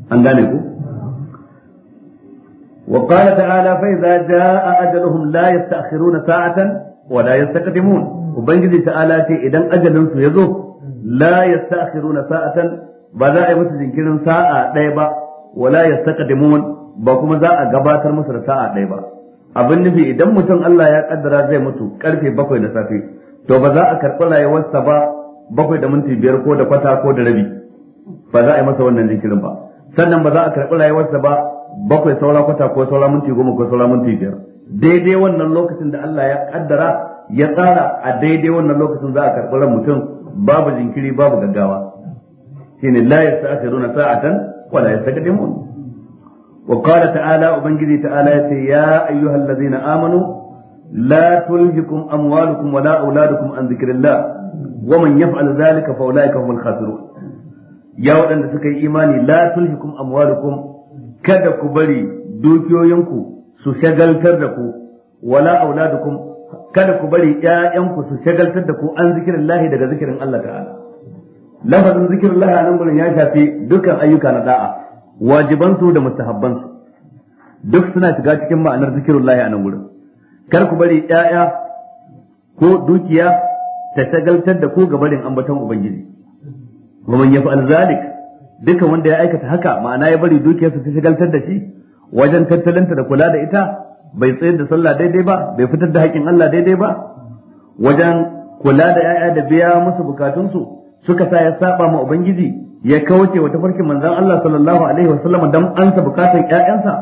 an gane ku وقال تعالى فإذا جاء أجلهم لا يستأخرون ساعة wa la yastaqdimun ubangiji ta'ala ce idan ajalin su yazo la yasta'khiruna sa'atan ba za a yi musu jinkirin sa'a ɗaya ba wa la yastaqdimun ba kuma za a gabatar musu da sa'a ɗaya ba abin nufi idan mutum Allah ya kaddara zai mutu karfe bakwai na safe to ba za a karɓi rayuwarsa ba bakwai da minti biyar ko da kwata ko da rabi ba za a yi masa wannan jinkirin ba sannan ba za a karɓi rayuwarsa ba bakwai saura kwata ko saura minti goma ko saura minti biyar daidai wannan lokacin da Allah ya kaddara ya tsara a daidai wannan lokacin za a karɓi ran mutum babu jinkiri babu gaggawa shine la yasta'khiruna sa'atan wa la yastaqdimun wa qala ta'ala ubangiji ta'ala yace ya ayyuhallazina amanu لا تلهكم أموالكم ولا أولادكم عن ذكر الله ومن يفعل ذلك فأولئك هم الخاسرون يا waɗanda suka yi imani la tulhikum amwalukum kada ku bari dukiyoyinku su shagaltar da ku wala auladukum kada ku bari ƴaƴanku su shagaltar da ku an zikirin lahi daga zikirin Allah ta'ala lafazin zikirin lahi a nan gurin ya shafi dukkan ayyuka na da'a su da mustahabban su. duk suna shiga cikin ma'anar zikirin lahi a nan gurin kar ku bari ƴaƴa ko dukiya ta shagaltar da ku ga barin ambaton ubangiji wa man yaf'al zalik duka wanda ya aikata haka ma'ana ya bari dukiyarsa ta shagaltar da shi wajen tattalinta da kula da ita bai tsayar da sallah daidai ba bai fitar da haƙƙin Allah daidai ba wajen kula da 'ya'ya da biya musu bukatunsu suka sa ya saba ma ubangiji ya kauce wa tafarkin manzon Allah sallallahu alaihi wasallam dan ansa bukatun 'ya'yansa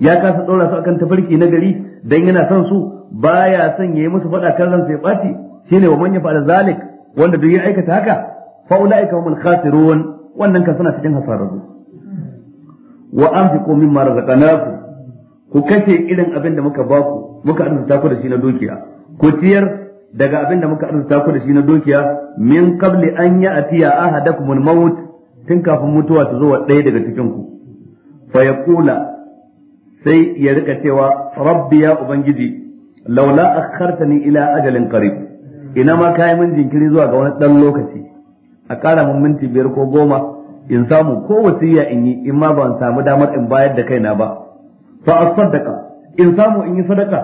ya kasa ɗora su akan tafarki na gari dan yana son su baya son yayi musu faɗa kan ransa ya ɓaci shine wa manya yafa'al zalik wanda duk ya aikata haka fa ulaika humul khasirun wannan kan suna cikin hasararru wa anfiqu mimma razaqnakum ku kashe irin abin da muka baku muka arzuta ku da shi na dukiya ku ciyar daga abin da muka arzuta ku da shi na dukiya min qabli an ya'tiya al maut tun kafin mutuwa ta zo wa ɗaya daga cikin ku fa yaqula sai ya rika cewa rabbi ya ubangiji laula akhartani ila ajalin qarib ina ma kai min jinkiri zuwa ga wani dan lokaci a ƙara mun minti biyar ko goma in samu ko wasiya in yi in ma ban samu damar in bayar da kaina ba fa asaddaqa in samu in yi sadaka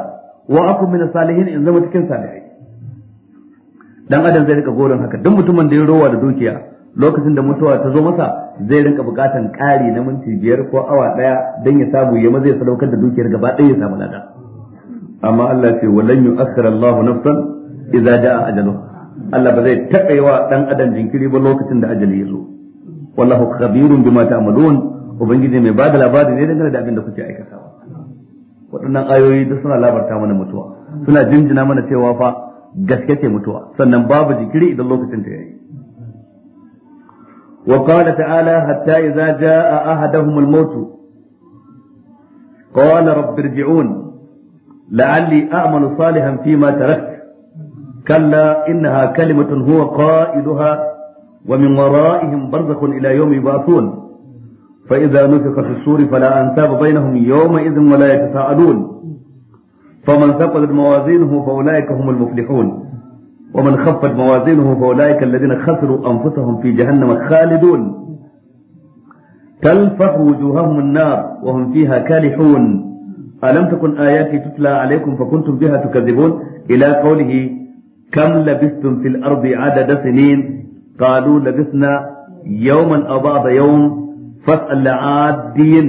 wa aku min salihin in zama cikin salihai dan adam zai rika goron haka duk mutumin da ya rowa da dukiya lokacin da mutuwa ta zo masa zai rinka bukatan kari na minti biyar ko awa daya don ya samu ya zai sadaukar da dukiyar gaba ɗaya ya samu lada amma Allah ce walan yu'akhkhir Allahu nafsan idza jaa ajaluha Allah ba zai taɓa yi wa dan adam jinkiri ba lokacin da ajali ya zo wallahu khabirun bima ta'malun ubangiji mai bada labari ne dangane da abin da kuke aikatawa waɗannan ayoyi duk suna labarta mana mutuwa suna jinjina mana cewa fa gaske ce mutuwa sannan babu jikiri idan lokacin ta yayi وقال تعالى حتى إذا جاء أحدهم الموت قال رب ارجعون لعلي أعمل صالحا فيما تركت كلا إنها كلمة هو قائلها ومن ورائهم برزخ إلى يوم يبعثون فإذا نفخ في الصور فلا أنساب بينهم يومئذ ولا يتساءلون فمن ثقلت موازينه فأولئك هم المفلحون ومن خفت موازينه فأولئك الذين خسروا أنفسهم في جهنم خالدون تلفح وجوههم النار وهم فيها كالحون ألم تكن آياتي تتلى عليكم فكنتم بها تكذبون إلى قوله كم لبثتم في الأرض عدد سنين قالوا لبثنا يوما أو بعض يوم فاسأل لعادين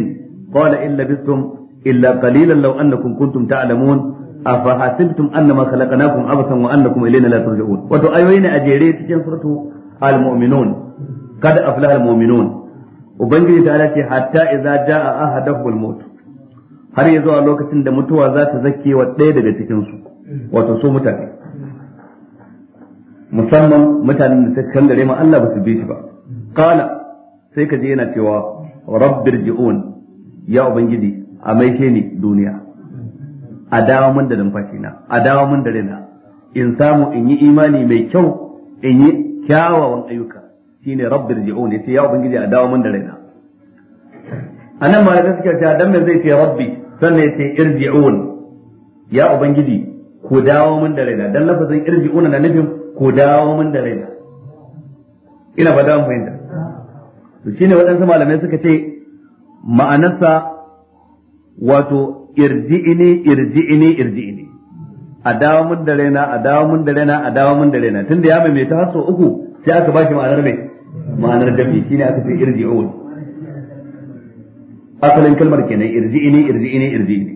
قال إن لبثتم إلا قليلا لو أنكم كنتم تعلمون أفحسبتم أنما خلقناكم عبثا وأنكم إلينا لا ترجعون وتؤيين أجيري تجين سورة المؤمنون قد أفلح المؤمنون وبنجي تعالى حتى إذا جاء أحدهم الموت har ya zuwa lokacin da mutuwa za ta zake wa ɗaya daga cikinsu wato su mutane musamman mutanen da suka gare ma Allah ba su bi shi ba qala sai ka je yana cewa rabbir ji'un ya ubangiji a ke ni duniya a dawo mun da numfashi na a dawo mun da rena in samu in yi imani mai kyau in yi kyawawan ayyuka shine rabbir ji'un yace ya ubangiji a dawo mun da rena anan da suka ce dan me zai ce rabbi sannan ya ce irji'un ya ubangiji ku dawo mun da rena dan lafazin irji'una na nufin ku dawo mun da raina ina ba dawo fahimta to shine waɗansu malamai suka ce ma'anarsa wato irji'ini irji'ini irji'ini a dawo mun da raina a dawo mun da raina a dawo mun da raina tunda ya mai ta haso uku sai aka bashi ma'anar mai ma'anar dabi shine aka ce irji'un asalin kalmar kenan irji'ini irji'ini irji'ini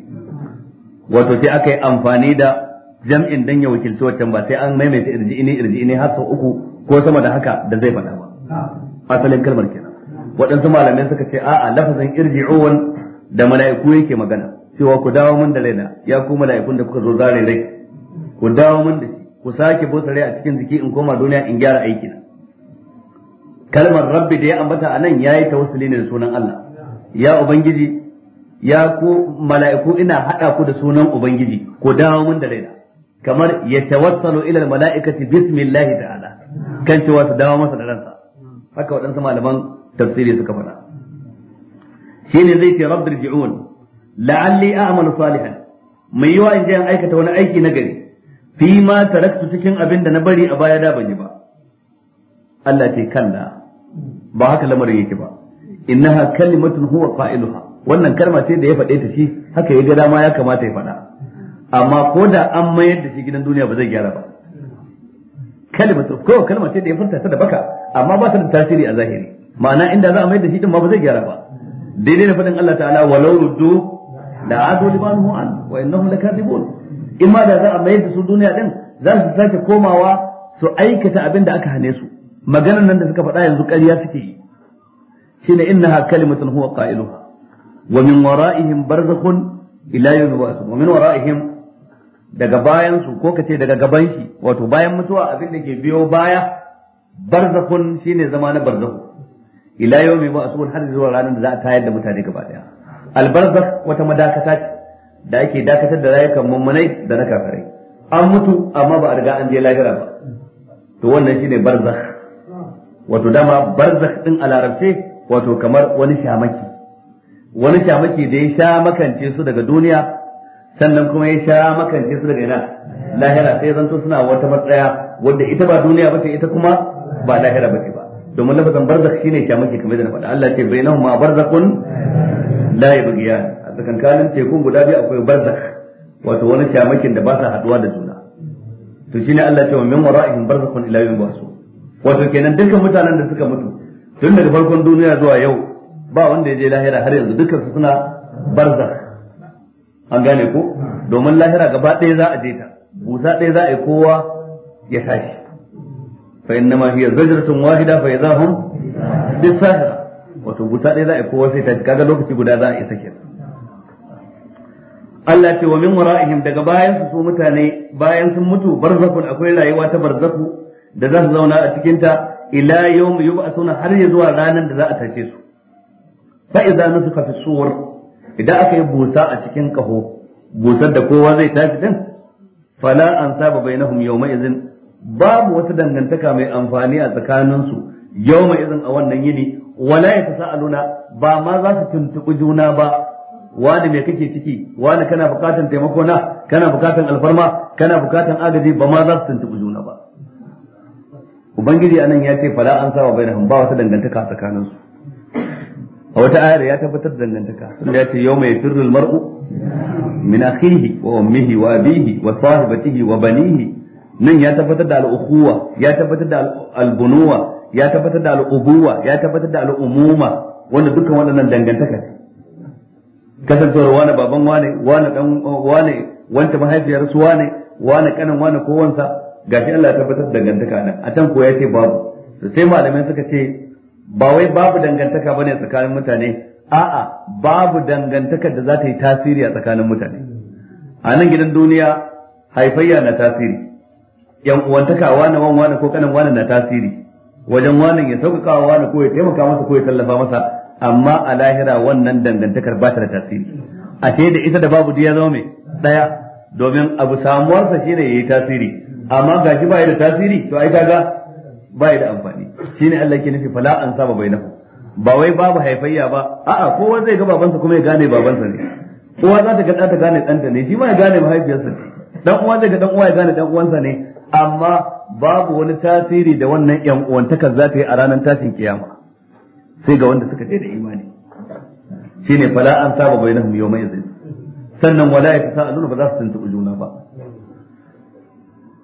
wato sai aka yi amfani da jam'in dan ya wakilci wancan ba sai an maimaita irji ini irji ini har sau uku ko sama da haka da zai faɗa ba asalin kalmar kenan waɗansu malamai suka ce a'a lafazin irji'un da mala'iku yake magana cewa ku dawo mun da raina ya ku mala'ikun da kuka zo zare rai ku dawo mun da shi ku sake bosa rai a cikin jiki in koma duniya in gyara aiki na kalmar rabbi da ya ambata a nan ya yi tawassuli ne da sunan Allah ya ubangiji ya ku mala'iku ina haɗa ku da sunan ubangiji ku dawo mun da raina kamar ya yatawassalu ila mala'ikati, bismillah ta'ala kan cewa su dawo masa da ransa haka waɗansu malaman tafsiri suka faɗa shine zai ce rabbi rji'un la'alli a'malu salihan mai yiwa in je an aikata wani aiki na gari fi ma taraktu cikin abin da na bari a baya da ban yi ba Allah ce kalla ba haka lamarin yake ba innaha kalimatun huwa fa'iluha wannan kalma ce da ya faɗe ta shi haka ya ga dama ya kamata ya faɗa amma ko da an mayar da shi gidan duniya ba zai gyara ba kalmatu ko kalma ce da ya furta ta da baka amma ba ta da tasiri a zahiri ma'ana inda za a mayar da shi din ma ba zai gyara ba daidai da faɗin Allah ta'ala walau ruddu la adu limanhu an wa innahum lakathibun imma da za a mayar da su duniya din za su sake komawa su aikata abin da aka hane su maganar nan da suka faɗa yanzu ƙarya suke yi shine innaha kalimatun huwa qailuha wa min wara'ihim barzakhun ila yawmi ba'th wa min wara'ihim daga bayan su ko ce daga gaban shi wato bayan mutuwa abin da ke biyo baya barzakhun shine zama na barzakhu ila yawmi ba'sun har zuwa ranar da za a tayar da mutane gaba daya albarzak wata madakata ce da ake dakatar da rayukan mummunai da na kafirai an mutu amma ba a riga an je lahira ba to wannan shine barzakh wato dama barzakh din a larabce wato kamar wani shamaki wani shamaki da ya sha makance su daga duniya sannan kuma ya sha makance su daga yana. lahira sai zanto suna wata matsaya wadda ita ba duniya ba ita kuma ba lahira ba ce ba domin lafazin barzak shi ne kyamaki kamar da na faɗa Allah ce bai bainahuma barzakhun layi yabghiyan a tsakankanin tekun guda biyu akwai barzak wato wani kyamakin da ba sa haɗuwa da juna to shine Allah ce wa min wara'ihim barzakun ila yawm ba'su wato kenan dukkan mutanen da suka mutu tun daga farkon duniya zuwa yau ba wanda ya je lahira har yanzu dukkan su suna barzakh an gane ko hmm. domin lahira gaba ɗaya za a je ta busa ɗaya za a yi kowa ya tashi fa ma hiya zajratun wahida fa idahum bisahira wato busa ɗaya za a yi kowa sai ta kaga lokaci guda za a isa kenan Allah ce wa min wara'ihim daga bayan su su mutane bayan sun mutu barzakun akwai rayuwa ta barzaku da za su zauna a cikin ta ila yawm yub'athuna har ya zuwa ranan da za a tashe su fa idza nufiqa fi suwar idan aka yi busa a cikin kaho busar da kowa zai tashi din fala an saba bainahum yawma izin babu wata dangantaka mai amfani a tsakaninsu yawma izin a wannan yini wala yatasaaluna ba ma za su tuntuɓi juna ba wani me kake ciki wani kana bukatan taimako na kana bukatan alfarma kana bukatan agaji ba ma za su tuntuɓi juna ba ubangiji anan ya ce fala an saba bainahum ba wata dangantaka a tsakaninsu a wata ayar ya tabbatar da dangantaka tunda ya ce mai yafirru mar'u min akhihi wa ummihi wa abihi wa sahibatihi wa banihi nan ya tabbatar da al'ukuwa ya tabbatar da albunuwa ya tabbatar da al'ubuwa ya tabbatar da al'umuma wanda dukkan waɗannan dangantaka ce kasancewar wani baban wane wani dan wane wanta mahaifiyar su wane wani kanan wani ko wansa gashi Allah ya tabbatar da dangantaka nan a can ko ya ce babu sai malamai suka ce ba wai babu dangantaka bane tsakanin mutane a'a babu dangantakar da za ta yi tasiri a tsakanin mutane a nan gidan duniya haifayya na tasiri yan uwantaka wani wani wani ko kanin wani na tasiri wajen wani ya sauƙaƙa wani ko ya taimaka masa ko ya tallafa masa amma a lahira wannan dangantakar ba ta da tasiri a ce da ita da babu ya zama mai ɗaya domin abu samuwarsa ne ya yi tasiri amma gashi ba da tasiri to ai kaga ba da amfani shine Allah ke nufi fala an saba bainahu ba wai babu haifayya ba a'a kowa zai ga babansa kuma ya gane babansa ne uwa za ta ga ta gane ɗanta ne shi ma ya gane mahaifiyarsa ne dan uwa zai ga dan uwa ya gane dan uwansa ne amma babu wani tasiri da wannan yan uwantakar za ta yi a ranar tashin kiyama sai ga wanda suka da imani shine fala an saba bainahum yawma idhin sannan wala yatasaaluna ba za su tuntuɓi juna ba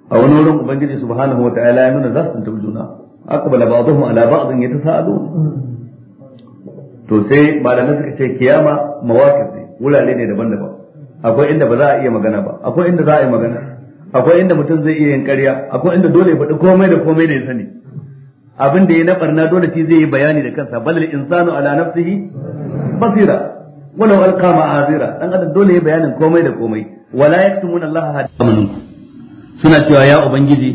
a wani wurin ubangiji subhanahu wa ta'ala ya nuna za su tuntuɓi juna aqbala ba'dhum ala ba'dhin yatasaalun to sai malamai suka ce kiyama mawaqif ne wurare ne daban-daban akwai inda ba za a iya magana ba akwai inda za a yi magana akwai inda mutum zai iya yin ƙarya akwai inda dole ya faɗi komai da komai da ya sani abin da ya na barna dole shi zai yi bayani da kansa bal insanu ala nafsihi basira walau alqa ma'azira dan adam dole ya bayanin komai da komai wala yaktumuna Allah hadamanu suna cewa ya ubangiji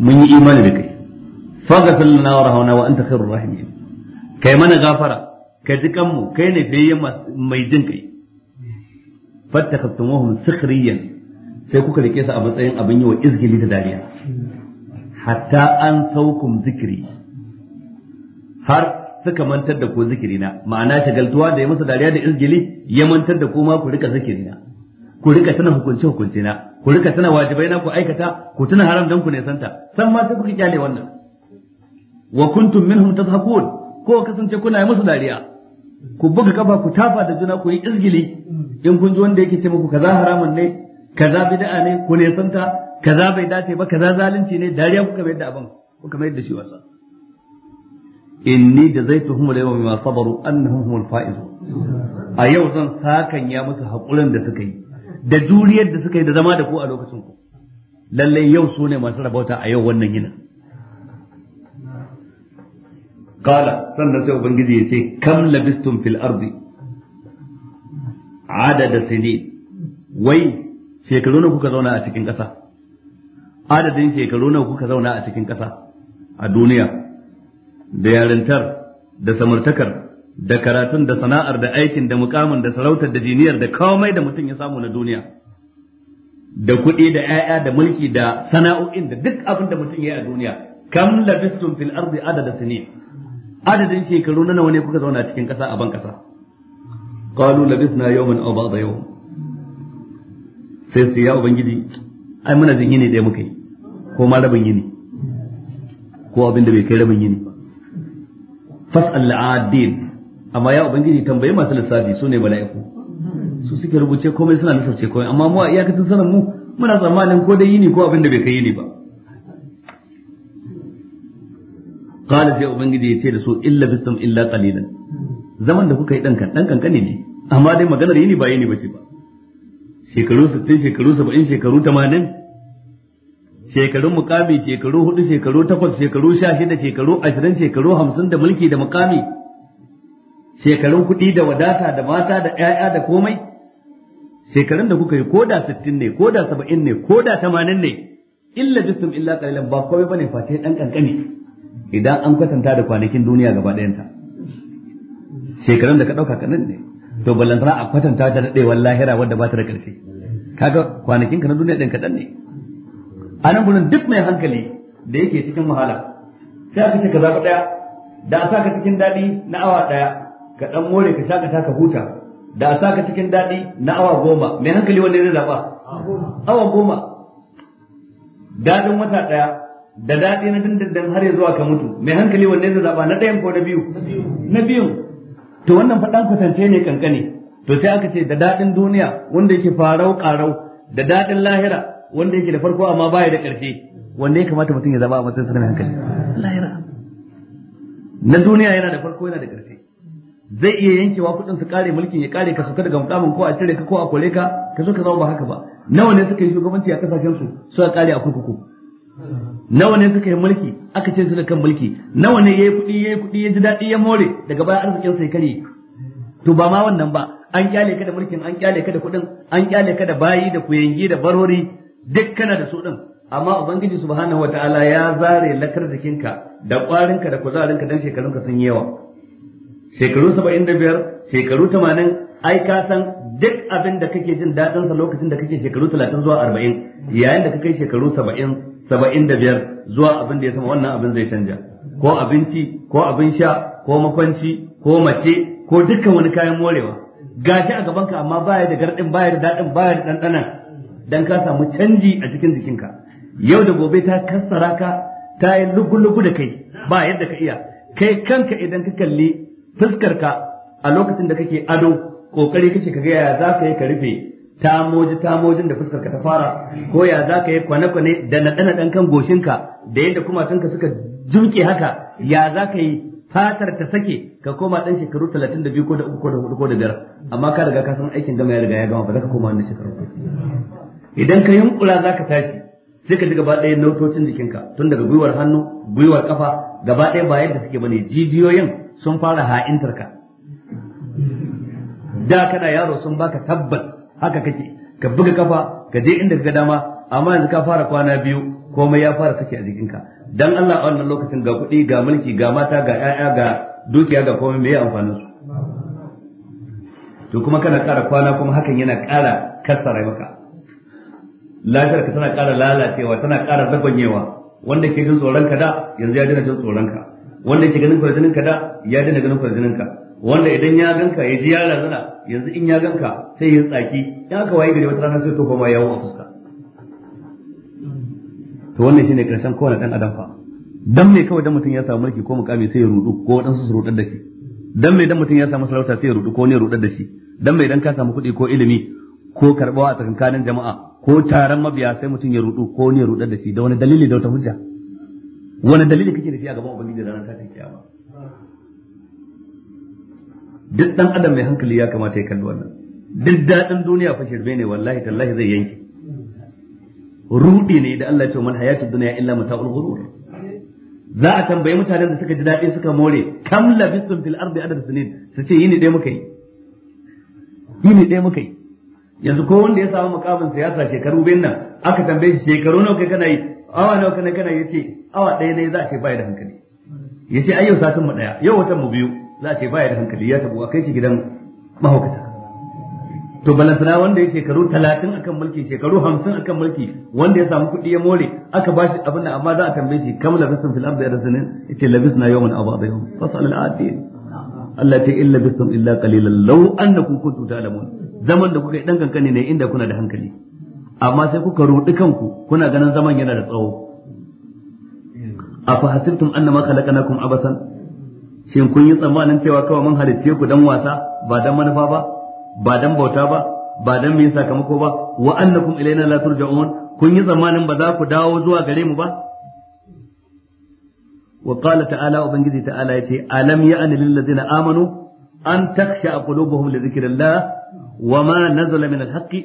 mun yi imani da kai faghfir lana warhamna wa anta khairur rahimin kai mana gafara ka ji kanmu kai ne biyayyen mai jin kai fattakhastumuhum sikhriyan sai kuka rike su a matsayin abin yi wa izgili da dariya hatta an saukum zikri har suka mantar da ku zikiri na ma'ana shagaltuwa da ya masa dariya da izgili ya mantar da kuma ku rika zikiri na ku rika tana hukunci-hukunci na ku rika tana wajibai na ku aikata ku tuna haram dan ku ne santa san ma sai kuka kyale wannan wa kuntum minhum tadhakun ko kasance kuna yi musu dariya ku buga kafa ku tafa da juna ku yi izgili in kun ji wanda yake ce muku kaza haramun ne kaza bid'a ne ku ne santa kaza bai dace ba kaza zalunci ne dariya kuka mai da abin kuka mai da shi wasa inni jazaituhum al-yawma bima sabaru annahum humul faizun a yau zan sakan ya musu hakurin da suka yi da juriyar da suka yi da zama da ku a lokacin ku lallai yau su ne masu rabauta a yau wannan yinin qala sannan sai ubangiji ya ce kam labistum fil adada sinin wai shekaru nawa kuka zauna a cikin ƙasa adadin shekaru nawa kuka zauna a cikin ƙasa a duniya da yarintar da samartakar da karatun da sana'ar da aikin da mukamin da sarautar da jiniyar da komai da mutum ya samu na duniya da kuɗi da 'ya'ya da mulki da sana'o'in da duk abin da mutum ya yi a duniya kam labistum fil ardi adada sinin adadin shekaru na nawa ne kuka zauna cikin kasa a ban na qalu labisna yawman aw ba'da yawm sai su ya ubangiji ai muna jin yini da muka yi ko ma rabin yini ko abin da bai kai rabin yini fas'al adin amma ya ubangiji tambaye masu lissafi su ne mala'iku su suke rubuce komai suna lissafce komai amma mu a iyakacin sanin mu muna tsammanin ko dai yini ko abin da bai kai yini ba qala sai ubangiji ya ce da su illa bistum illa qalilan zaman da kuka yi dan kan dan kankani ne amma dai maganar yini ba yini bace ba shekaru 60 shekaru 70 shekaru 80 shekarun mukami shekaru 4 shekaru 8 shekaru 16 shekaru 20 shekaru 50 da mulki da mukami shekarun kuɗi da wadata da mata da ƴaƴa da komai shekarun da kuka yi ko da 60 ne ko da 70 ne ko da 80 ne illa bistum illa qalilan ba komai bane face dan kankani idan an kwatanta da kwanakin duniya gaba ɗayanta shekarun da ka ɗauka ka nan ne to ballantana a kwatanta da daɗewar lahira wadda ba ta da ƙarshe kaga kwanakin ka na duniya ɗin kaɗan ne a nan gudun duk mai hankali da yake cikin wahala sai aka ce ka zaɓi ɗaya da a saka cikin daɗi na awa ɗaya ka ɗan more ka shakata ka huta da a saka cikin daɗi na awa goma mai hankali wanda zai zaɓa awa goma daɗin wata ɗaya da daɗi na dindindin har zuwa ka mutu mai hankali wanne zai zaɓa na ɗayan ko na biyu na biyu. to wannan faɗan kwatance ne kankane to sai aka ce da daɗin duniya wanda yake farau ƙarau da daɗin lahira wanda yake da farko amma baya da ƙarshe wanda ya kamata mutum ya zaba a matsayin mai hankali lahira na duniya yana da farko yana da ƙarshe zai iya yankewa kuɗin su kare mulkin ya kare ka sauka daga mukamin ko a cire ka ko a kore ka ka zo ka zama ba haka ba nawa ne suka yi shugabanci a kasashen su suka kare a kurkuku nawa ne suka yi mulki aka ce su kan mulki nawa ne yayi kuɗi yayi kuɗi ya ji daɗi ya more daga baya arzikin sai kare to ba ma wannan ba an kyale ka da mulkin an kyale ka da kuɗin an kyale ka da bayi da kuyangi da barori duk kana da su din amma ubangiji subhanahu wataala ya zare lakar jikinka da ƙwarinka da kuzarinka dan shekarunka sun yi yawa shekaru saba'in da biyar shekaru tamanin ai ka san duk abin da kake jin daɗinsa lokacin da kake shekaru talatin zuwa arba'in yayin da ka kai shekaru saba'in saba'in da biyar zuwa abin da ya sama wannan abin zai canja ko abinci ko abin sha ko makwanci ko mace ko dukkan wani kayan morewa gashi a gabanka amma baya da gardin baya da dadin baya da dandana dan ka samu canji a cikin jikinka yau da gobe ta kassara ka ta yi lugu-lugu da kai ba yadda ka iya kai kanka idan ka kalli fuskarka a lokacin da kake ado kokari kake ka ga yaya za ka yi ka rufe tamoji tamojin da fuskarka ta fara ko ya za ka yi kwane-kwane da naɗe-naɗen kan goshinka da yadda kumatunka suka jumke haka ya za ka yi fatar ta sake ka koma ɗan shekaru talatin da biyu ko da uku ko da hudu ko da biyar amma ka riga ka san aikin gama ya riga ya gama ba za ka koma wani shekaru idan ka yi yunkula za ka tashi sai ka ji gaba ɗaya nautocin jikinka tun daga gwiwar hannu gwiwar kafa gaba ɗaya ba yadda suke bane jijiyoyin sun fara ha'intar ka da kana yaro sun baka tabbas haka kake ka buga kafa ka je inda ka dama amma yanzu ka fara kwana biyu komai ya fara sake a jikinka dan Allah a wannan lokacin ga kuɗi ga mulki ga mata ga ƴaƴa ga dukiya ga komai me ya amfanin su to kuma kana ƙara kwana kuma hakan yana ƙara kassara maka lafiyarka tana ƙara lalacewa tana ƙara zagonyewa wanda ke jin tsoron ka da yanzu ya dina jin tsoron ka wanda ke ganin kwarjinin ka da ya dina ganin kwarjinin ka wanda idan ya ganka ya ji ya razana yanzu in ya ganka sai ya tsaki ya ka waye gari wata rana sai tofa ma yawo a fuska to wannan shine karshen kowane dan adam fa dan me kawai dan mutum ya samu mulki ko mukami sai ya rudu ko wadansu su rudar da shi dan me dan mutum ya samu sarauta sai ya rudu ko ne rudar da shi dan me dan ka samu kuɗi ko ilimi ko karbawa a tsakankanin jama'a ko taron mabiya sai mutum ya rudu ko ne rudar da shi da wani dalili da wata hujja wani dalili kake da shi a gaban ubangiji da ranar tashin kiyama duk dan adam mai hankali ya kamata ya kalli wannan duk daɗin duniya fa shirbe ne wallahi tallahi zai yanke rudi ne da Allah ya ce man hayatu dunya illa mata'ul ghurur za a tambayi mutanen da suka ji daɗi suka more kam labistum fil ardi adad sinin su ce yini ɗaya muka yi yini ɗaya muka yi yanzu ko wanda ya samu makamin siyasa shekaru bin nan aka tambaye shi shekaru nawa kai kana yi awa nawa kana kana yace awa ɗaya ne za a ce bai da hankali yace ayyau yau mu ɗaya yau watan mu biyu za a ce baya da hankali ya tabo a kai shi gidan mahaukata to balantana wanda ya shekaru talatin akan mulki shekaru hamsin akan mulki wanda ya samu kuɗi ya more aka ba shi abin da amma za a tambaye shi kam labistum fil ardi arsanin yace labisna yawman aw ba'd yawm fasal al adin Allah ce illa bistum illa qalilan law annakum kuntum ta'lamun zaman da kuka yi dan kankane ne inda kuna da hankali amma sai kuka rudi kanku kuna ganin zaman yana da tsawo afa hasibtum annama khalaqnakum abasan shin kun yi tsammanin cewa kawai mun halicce ku dan wasa ba dan manufa ba ba dan bauta ba ba dan mai sakamako ba wa annakum ilaina la turja'un kun yi tsammanin ba za ku dawo zuwa gare mu ba wa qala ta'ala ubangiji ta'ala yace alam ya'ni lil ladina amanu an taksha qulubuhum li dhikrillah wa ma nazala min al-haqqi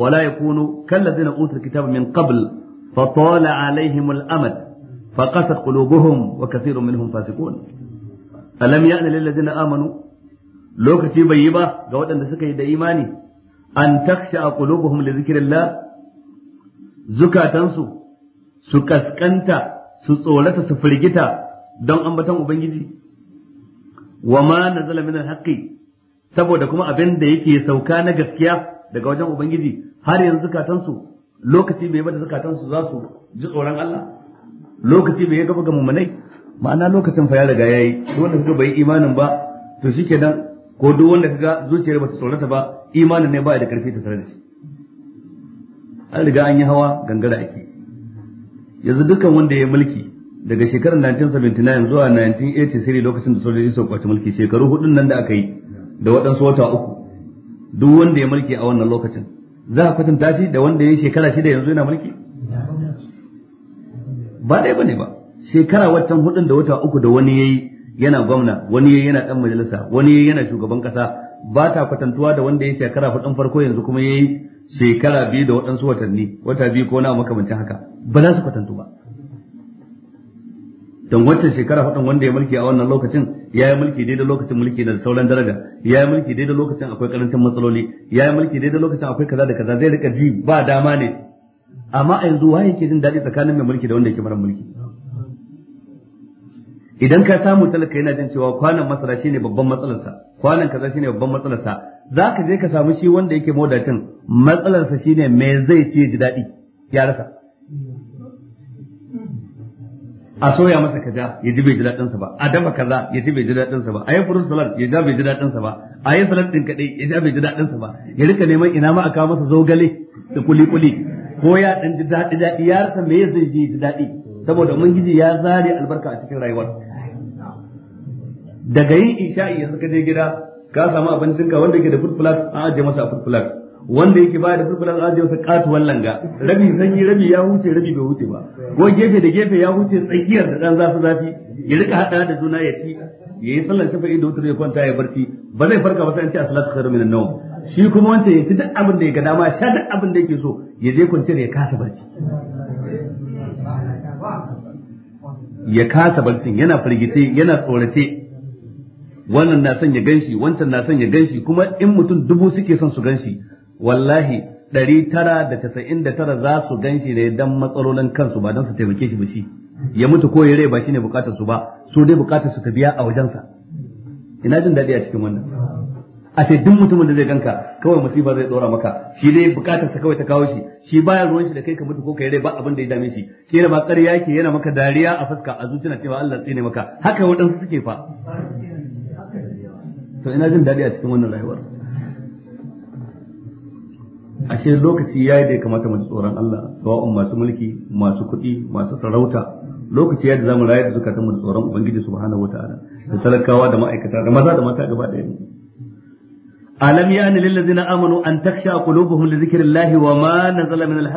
wa la yakunu kal ladina utul kitaba min qabl fatala alaihim al-amad فقست قلوبهم وكثير منهم فاسقون alam ya'na lil na amanu lokaci bai yi ba ga waɗanda suka yi da imani an taksha qulubuhum li zikrillah zukatansu su kaskanta su tsorata su firgita don ambaton ubangiji wa ma zala min haƙƙi? saboda kuma abin da yake sauka na gaskiya daga wajen ubangiji har yanzu zukatansu lokaci bai yi ba da zukatansu za su ji tsoron Allah lokaci bai yi gaba ga mummunai ma'ana lokacin fa ya riga yayi duk wanda kaga bai imanin ba to shikenan ko duk wanda kaga zuciyar bata tsorata ba imanin ne ba da karfi ta tare da shi an riga an yi hawa gangara ake yanzu dukkan wanda ya mulki daga shekarar 1979 zuwa 1983 lokacin da sojoji suka kwace mulki shekaru hudun nan da aka yi da waɗansu wata uku duk wanda ya mulki a wannan lokacin za a kwatanta shi da wanda ya yi shekara shida yanzu yana mulki ba ɗaya bane ba shekara waccan hudun da wata uku da wani yayi yana gwamna wani yayi yana dan majalisa wani yayi yana shugaban kasa ba ta kwatantuwa da wanda ya shekara hudun farko yanzu kuma yayi shekara biyu da waɗansu watanni wata biyu ko na makamancin haka ba za su kwatantu ba don wancan shekara hudun wanda ya mulki a wannan lokacin ya yi mulki daidai lokacin mulki na da sauran daraja ya yi mulki daidai lokacin akwai karancin matsaloli ya yi mulki daidai lokacin akwai kaza da kaza zai rika ji ba dama ne amma a yanzu waye ke jin daɗi tsakanin mai mulki da wanda yake mara mulki idan ka samu talaka yana jin cewa kwanan masara shine babban matsalarsa kwanan kaza shine babban matsalarsa za ka je ka samu shi wanda yake modacin matsalarsa shine me zai ce ji daɗi ya rasa a soya masa kaza ya ji bai ji daɗinsa ba a dafa kaza ya ji bai ji daɗinsa ba a yi furus salat ya ji bai ji daɗinsa ba a yi salat din kadai ya ji bai ji daɗinsa ba ya rika neman ina ma a kawo masa zogale da kuli-kuli ko ya ɗan ji daɗi ya rasa me zai ji ji daɗi saboda ubangiji ya zare albarka a cikin rayuwar daga yin isha'i yanzu ka je gida ka samu abincin ka wanda yake da food plus an ajiye masa food plus wanda yake baya da food plus an ajiye masa katuwar langa rabi sanyi rabi ya huce rabi bai huce ba ko gefe da gefe ya huce tsakiyar da dan zafi zafi ya rika hada da juna ya ci ya yi sallar shafa'i da wutar ya kwanta ya barci ba zai farka ba sai an ce asalatu khairu minan nawm shi kuma wancan ya ci duk abin da ya ga dama sha duk abin da yake so ya je kwance ya kasa barci ya kasa barcin yana firgice yana tsorace wannan na son ya ganshi wancan na son ya ganshi kuma in mutum dubu suke son su ganshi wallahi ɗari tara da casa'in da tara za su ganshi ne don matsalolin kansu ba don su taimake shi ba shi ya mutu ko ya rai ba ne bukatar su ba su dai bukatar su ta biya a wajensa ina jin daɗi a cikin wannan a sai duk mutumin da zai ganka kawai musiba zai dora maka shi dai bukatar sa kawai ta kawo shi shi baya ruwan shi da kai ka mutu ko kai rai ba abin da ya dame shi kira ba ƙarya yake yana maka dariya a fuska a zuciya cewa Allah tsine maka haka waɗansu suke fa to ina jin daɗi a cikin wannan rayuwar ashe lokaci yayi da ya kamata mu tsoron Allah sawa'un masu mulki masu kuɗi masu sarauta lokaci yayi da zamu rayu da zukatan mu da tsoron ubangiji subhanahu wataala da talakawa da ma'aikata da maza da mata gaba ɗaya alam yani lil ladina amanu an taksha qulubuhum li dhikrillahi wa ma nazala min al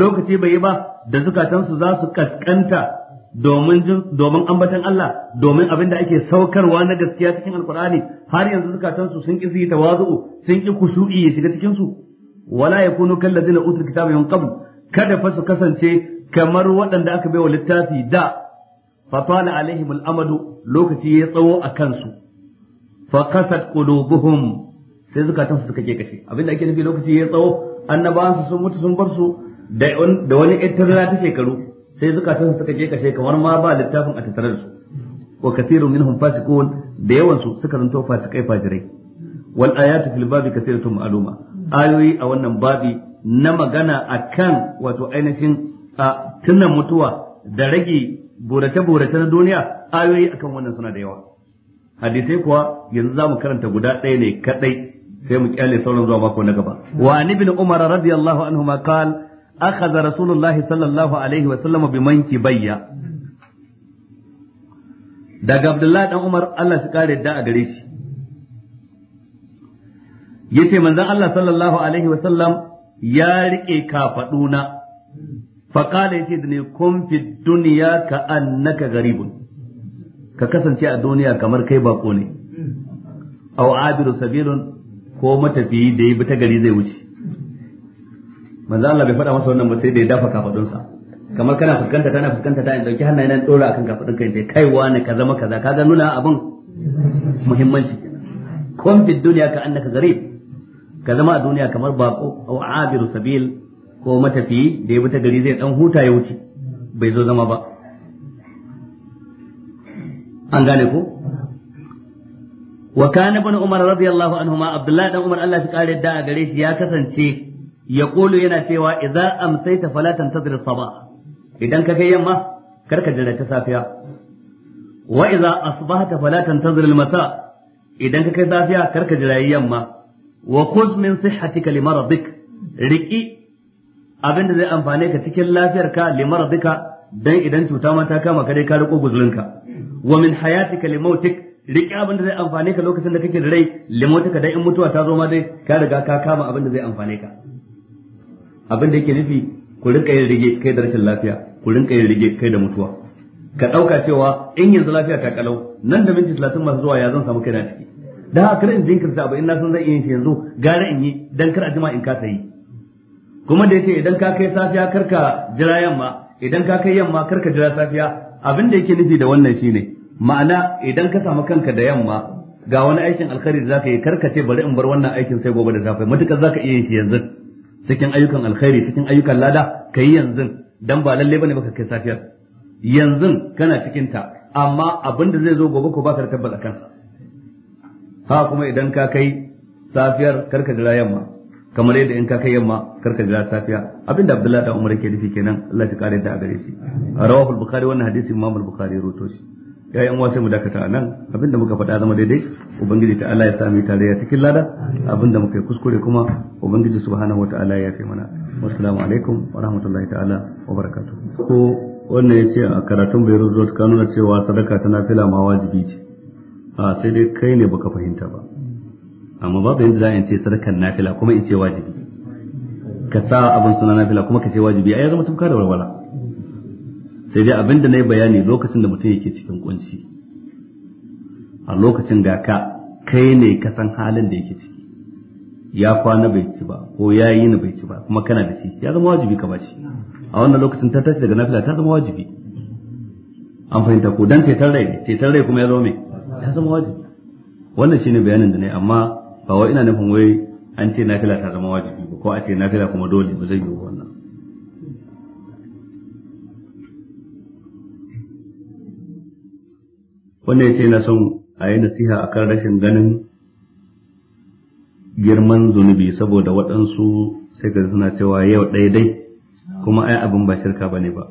lokaci bai yi ba da zukatansu za su kaskanta domin domin ambatan Allah domin abin da ake saukarwa na gaskiya cikin alkur'ani har yanzu zukatansu sun ki su yi tawazu'u sun ki kushu'i ya shiga cikin su wala yakunu kal ladina utul kitaba min qabl kada fa su kasance kamar waɗanda aka baiwa littafi da fa tala alaihim al'amadu lokaci ya tsawo a kansu fa qasat qulubuhum sai zukatansu suka ke kashe abin da ake nufi lokaci ya tsawo su sun mutu sun bar su da wani ittazara ta shekaru sai zukatansu suka je kashe kamar ma ba littafin a tattare su wa kathirun minhum fasiqun da yawan su suka zanto fasikai fajirai wal ayatu fil babi kathiratun ma'luma ayoyi a wannan babi na magana akan wato ainihin a tunan mutuwa da rage burace-burace na duniya ayoyi akan wannan suna da yawa hadisai kuwa yanzu zamu karanta guda ɗaya ne kaɗai sai mu kyale sauran zuwa mako na gaba wa ibn umar radiyallahu anhu ma qala akhadha rasulullahi sallallahu alaihi wa sallam bi manki bayya daga abdullah dan umar Allah shi kare da a gare shi yace manza Allah sallallahu alaihi wa sallam ya rike kafaduna faqala yace da ne kun fi dunya ka annaka garibun ka kasance a duniya kamar kai bako ne aw abiru sabilun ko matafiyi da yi bi ta gari zai wuce manzo Allah bai faɗa masa wannan ba sai da ya dafa kafadunsa kamar kana fuskanta tana fuskanta ta in dauki hannayen nan dora akan kafadun kai sai kai wani ka zama kaza kaga nuna abin muhimmanci kun fi duniya ka annaka garib ka zama a duniya kamar bako au abiru sabil ko matafiyi da ya bi ta gari zai dan huta ya wuce bai zo zama ba an gane ko wa kana ibn umar radiyallahu anhu ma abdullahi dan umar Allah shi kare da a gare shi ya kasance yaqulu yana cewa idza amsayta fala tantazir as-sabah idan ka kai yamma kar ka jira ta safiya wa idza asbahta fala tantazir al-masa idan ka kai safiya kar ka jira yamma wa khudh min sihhatika li maradik riki abinda zai amfane ka cikin lafiyarka li maradika dan idan cuta ma ta kama ka dai ka riko guzurinka wa min hayatika li mautik riƙe abin da zai amfane ka lokacin da kake da rai limotuka dai in mutuwa ta zo ma dai ka riga ka kama abin da zai amfane ka abin da yake nufi ku rinka yin rige kai da rashin lafiya ku rinka yin rige kai da mutuwa ka dauka cewa in yanzu lafiya ta kalau nan da minti 30 masu zuwa ya zan samu kaina ciki da haka kar in jinkirta abu in na san zan iya shi yanzu gara in yi dan kar a jima in kasa yi kuma da yace idan ka kai safiya kar ka jira yamma idan ka kai yamma kar ka jira safiya abin da yake nufi da wannan shine ma'ana idan ka samu kanka da yamma ga wani aikin alkhairi da zaka yi kar ka ce bari in bar wannan aikin sai gobe da safe matukar zaka iya yin shi yanzu cikin ayyukan alkhairi cikin ayyukan lada ka yi yanzu dan ba lalle bane baka kai safiyar yanzu kana cikin ta amma abin da zai zo gobe ko baka da a kansa ha kuma idan ka kai safiyar karka jira yamma kamar yadda in ka kai yamma karka jira safiya da Abdullahi da Umar ke nufi kenan Allah shi kare da gare shi rawahul bukhari wannan hadisi Imam al-Bukhari ya shi ya yan sai mu dakata a nan abinda muka faɗa zama daidai ubangiji ta Allah ya sami tarayya cikin lada abinda muka yi kuskure kuma ubangiji subhanahu wataala ya fi mana assalamu alaikum wa rahmatullahi ta'ala wa barakatuh ko wannan yace a karatun Beirut Road ka nuna cewa sadaka tana fila ma wajibi ce a sai dai kai ne baka fahimta ba amma babu yanda za a ce sadakar nafila kuma in ce wajibi ka sa abin suna nafila kuma ka ce wajibi ai ya zama tufka da walwala sai dai abin da na yi bayani lokacin da mutum yake cikin kunci a lokacin ga ka kai ne ka san halin da yake ciki ya kwana bai ci ba ko ya yi ni bai ci ba kuma kana da shi ya zama wajibi ka bashi a wannan lokacin ta tashi daga nafila ta zama wajibi an fahimta ko dan cetar rai ne cetar rai kuma ya zama me ya zama wajibi wannan shine bayanin da ne amma ba wai ina nufin wai an ce nafila ta zama wajibi ba ko a ce nafila kuma dole ba zai yi wannan wannan ce yana son a yi nasiha a kan rashin ganin girman zunubi saboda waɗansu sai ka suna cewa yau daidai kuma ai abin ba shirka ba ne ba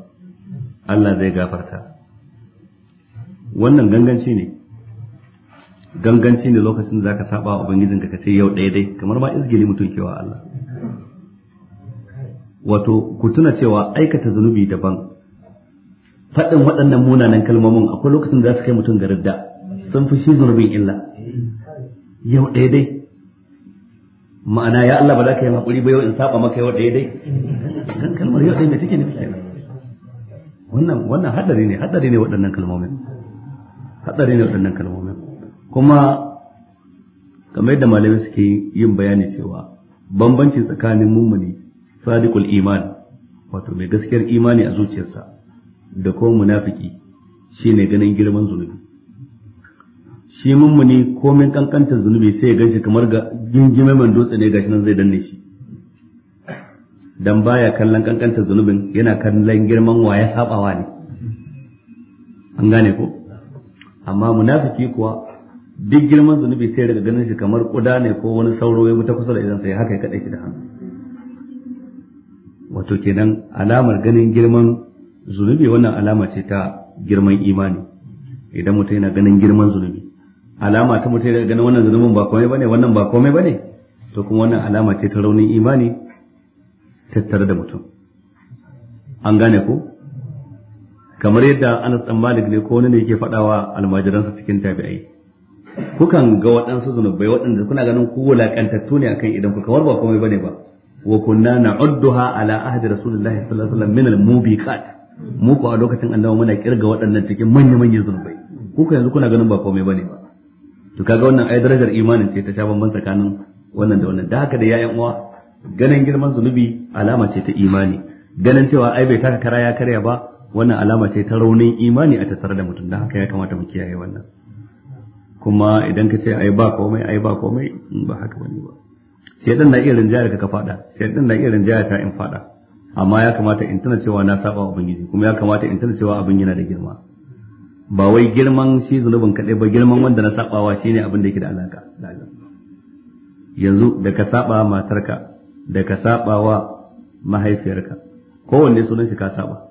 Allah zai gafarta wannan ganganci ne ganganci ne lokacin da zaka saba wa ubangijinka ka ce yau daidai kamar ma izgili mutum kewa Allah wato ku tuna cewa aikata zunubi daban faɗin waɗannan munanan kalmomin akwai lokacin da za su kai mutum ga radda sun fi shi zunubin illa yau ɗaya dai ma'ana ya Allah ba za ka yi haƙuri ba yau in saba maka yau ɗaya dai kalmar yau ɗaya mai cike ne wannan wannan haddari ne haɗari ne waɗannan kalmomin haɗari ne waɗannan kalmomin kuma kamar yadda malami suke yin bayani cewa bambanci tsakanin mummuni sadiqul iman wato mai gaskiyar imani a zuciyarsa da ko munafiki shine ganin girman zunubi shi mummuni komin kankanta zunubi sai ya ganshi kamar ga gingime man dutse ne gashi nan zai danne shi dan baya kallon kankanta zunubin yana kallon girman waya sabawa ne an gane ko amma munafiki kuwa duk girman zunubi sai daga ganin shi kamar kuda ne ko wani sauro ya wuta kusa da idan sai haka ya kaɗai shi da hannu wato kenan alamar ganin girman zunubi wannan alama ce ta girman imani idan mutum yana ganin girman zunubi alama ta mutum yana ganin wannan zunubin ba komai bane wannan ba komai bane to kuma wannan alama ce ta raunin imani tattare da mutum an gane ko kamar yadda Anas dan Malik ne ko wani ne yake faɗawa almajiransa cikin tabi'ai kukan ga waɗansu zunubai waɗanda kuna ganin ku wulaƙantattu ne akan idan ku kamar ba komai bane ba wa kunna na'udduha ala ahdi rasulullahi sallallahu alaihi wasallam min al-mubiqat mu ko a lokacin annabi muna kirga waɗannan cikin manya-manyan zunubai ku ko yanzu kuna ganin ba komai bane ba to kaga wannan ai darajar imanin ce ta sha bamban tsakanin wannan da wannan da haka da yayan uwa ganin girman zunubi alama ce ta imani ganin cewa ai bai taka kara ya karya ba wannan alama ce ta raunin imani a tattare da mutum da haka ya kamata mu kiyaye wannan kuma idan ka ce ai ba komai ai ba komai ba haka bane ba sai dan na iya rinjaya ka ka fada sai dan na iya rinjaya ta in fada amma ya kamata in tana cewa na saba wa ubangiji kuma ya kamata in tana cewa abin yana da girma ba wai girman shi zunubin kaɗai ba girman wanda na wa shine abin da yake da alaka da yanzu da ka saba matarka da ka saba wa mahaifiyarka kowanne sunan shi ka saba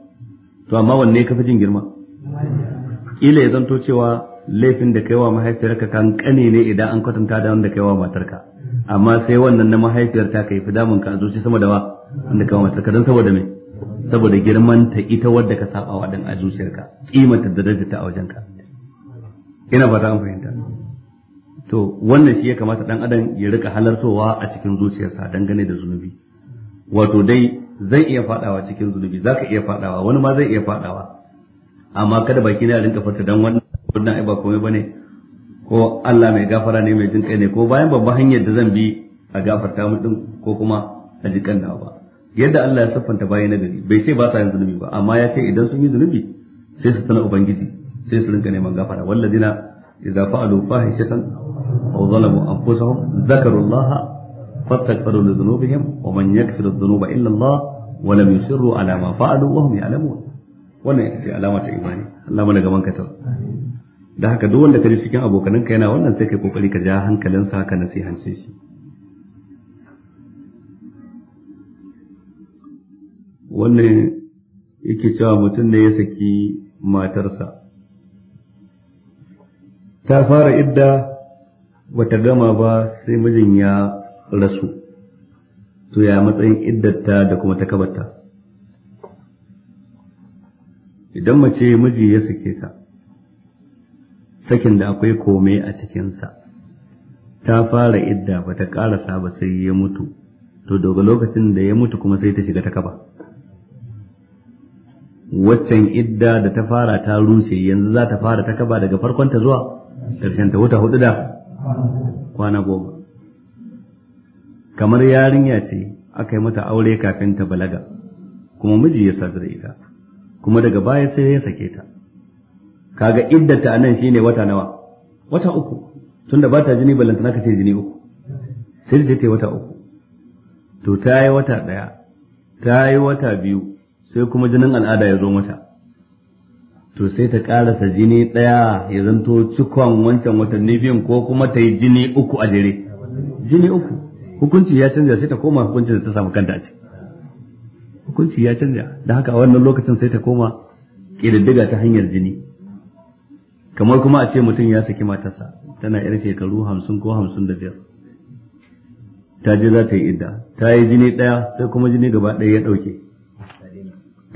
to amma wanne ka fi jin girma kila ya zanto cewa laifin da kai wa mahaifiyarka kan kane ne idan an kwatanta da wanda kai wa matarka amma sai wannan na mahaifiyar ta kai fi damun ka a zuci sama da wa wanda ka mata ka saboda me saboda girman ta ita wadda ka saba wa dan a zuciyarka kimanta da ta a ka. ina fata an fahimta to wannan shi ya kamata dan adam ya rika halartowa a cikin zuciyarsa dangane da zunubi wato dai zai iya fadawa cikin zunubi zaka iya fadawa wani ma zai iya fadawa amma kada baki na rinka fata dan wannan wannan ai ba komai bane ko Allah mai gafara ne mai jin kai ne ko bayan babban hanyar da zan bi a gafarta mu din ko kuma a jikan nawa ba yadda Allah ya siffanta bayan nagari bai ce ba sa yin zunubi ba amma ya ce idan sun yi zunubi sai su tana ubangiji sai su rinka neman gafara wallazina idza fa'alu fahishatan aw zalamu anfusahum dhakaru Allah fastaghfiru li dhunubihim wa man yaghfiru dhunuba illa Allah wa lam yusirru ala ma fa'alu wa hum ya'lamun wannan ita ce alama ta imani Allah mana gaban ka da haka duk wanda ka ji cikin abokananka yana wannan sai kai kokari ka ja hankalinsa ka nasihance shi wannan yake cewa mutum ne ya saki matarsa ta fara idda ta gama ba sai mijin ya rasu to ya matsayin iddarta da kuma takabarta idan mace miji ya sake ta sakin da akwai kome a cikinsa ta fara idda ba ta ƙarasa ba sai ya mutu to daga lokacin da ya mutu kuma sai ta shiga takaba waccan idda da ta fara ta rushe yanzu za ta fara ta kaba daga farkon ta zuwa ƙarshen ta wuta hudu da kwana goma kamar yarinya ce aka yi mata aure kafin ta balaga kuma miji ya sadar ita kuma daga baya sai ya sake ta kaga iddata anan shine wata nawa wata uku tunda ba ta jini balanta ka ce jini uku sai ta wata uku to ta yi wata ɗaya ta yi wata biyu sai kuma jinin al'ada ya zo mata to sai ta karasa jini ɗaya ya zanto cikon wancan watanni biyun ko kuma ta yi jini uku a jere jini uku hukunci ya canja sai ta koma hukunci da ta samu kanta a hukunci ya canja da haka a wannan lokacin sai ta koma ƙididdiga ta hanyar jini kamar kuma a ce mutum ya saki matarsa tana yar shekaru hamsin ko hamsin da biyar ta je za ta yi idda ta yi jini ɗaya sai kuma jini gaba ɗaya ya ɗauke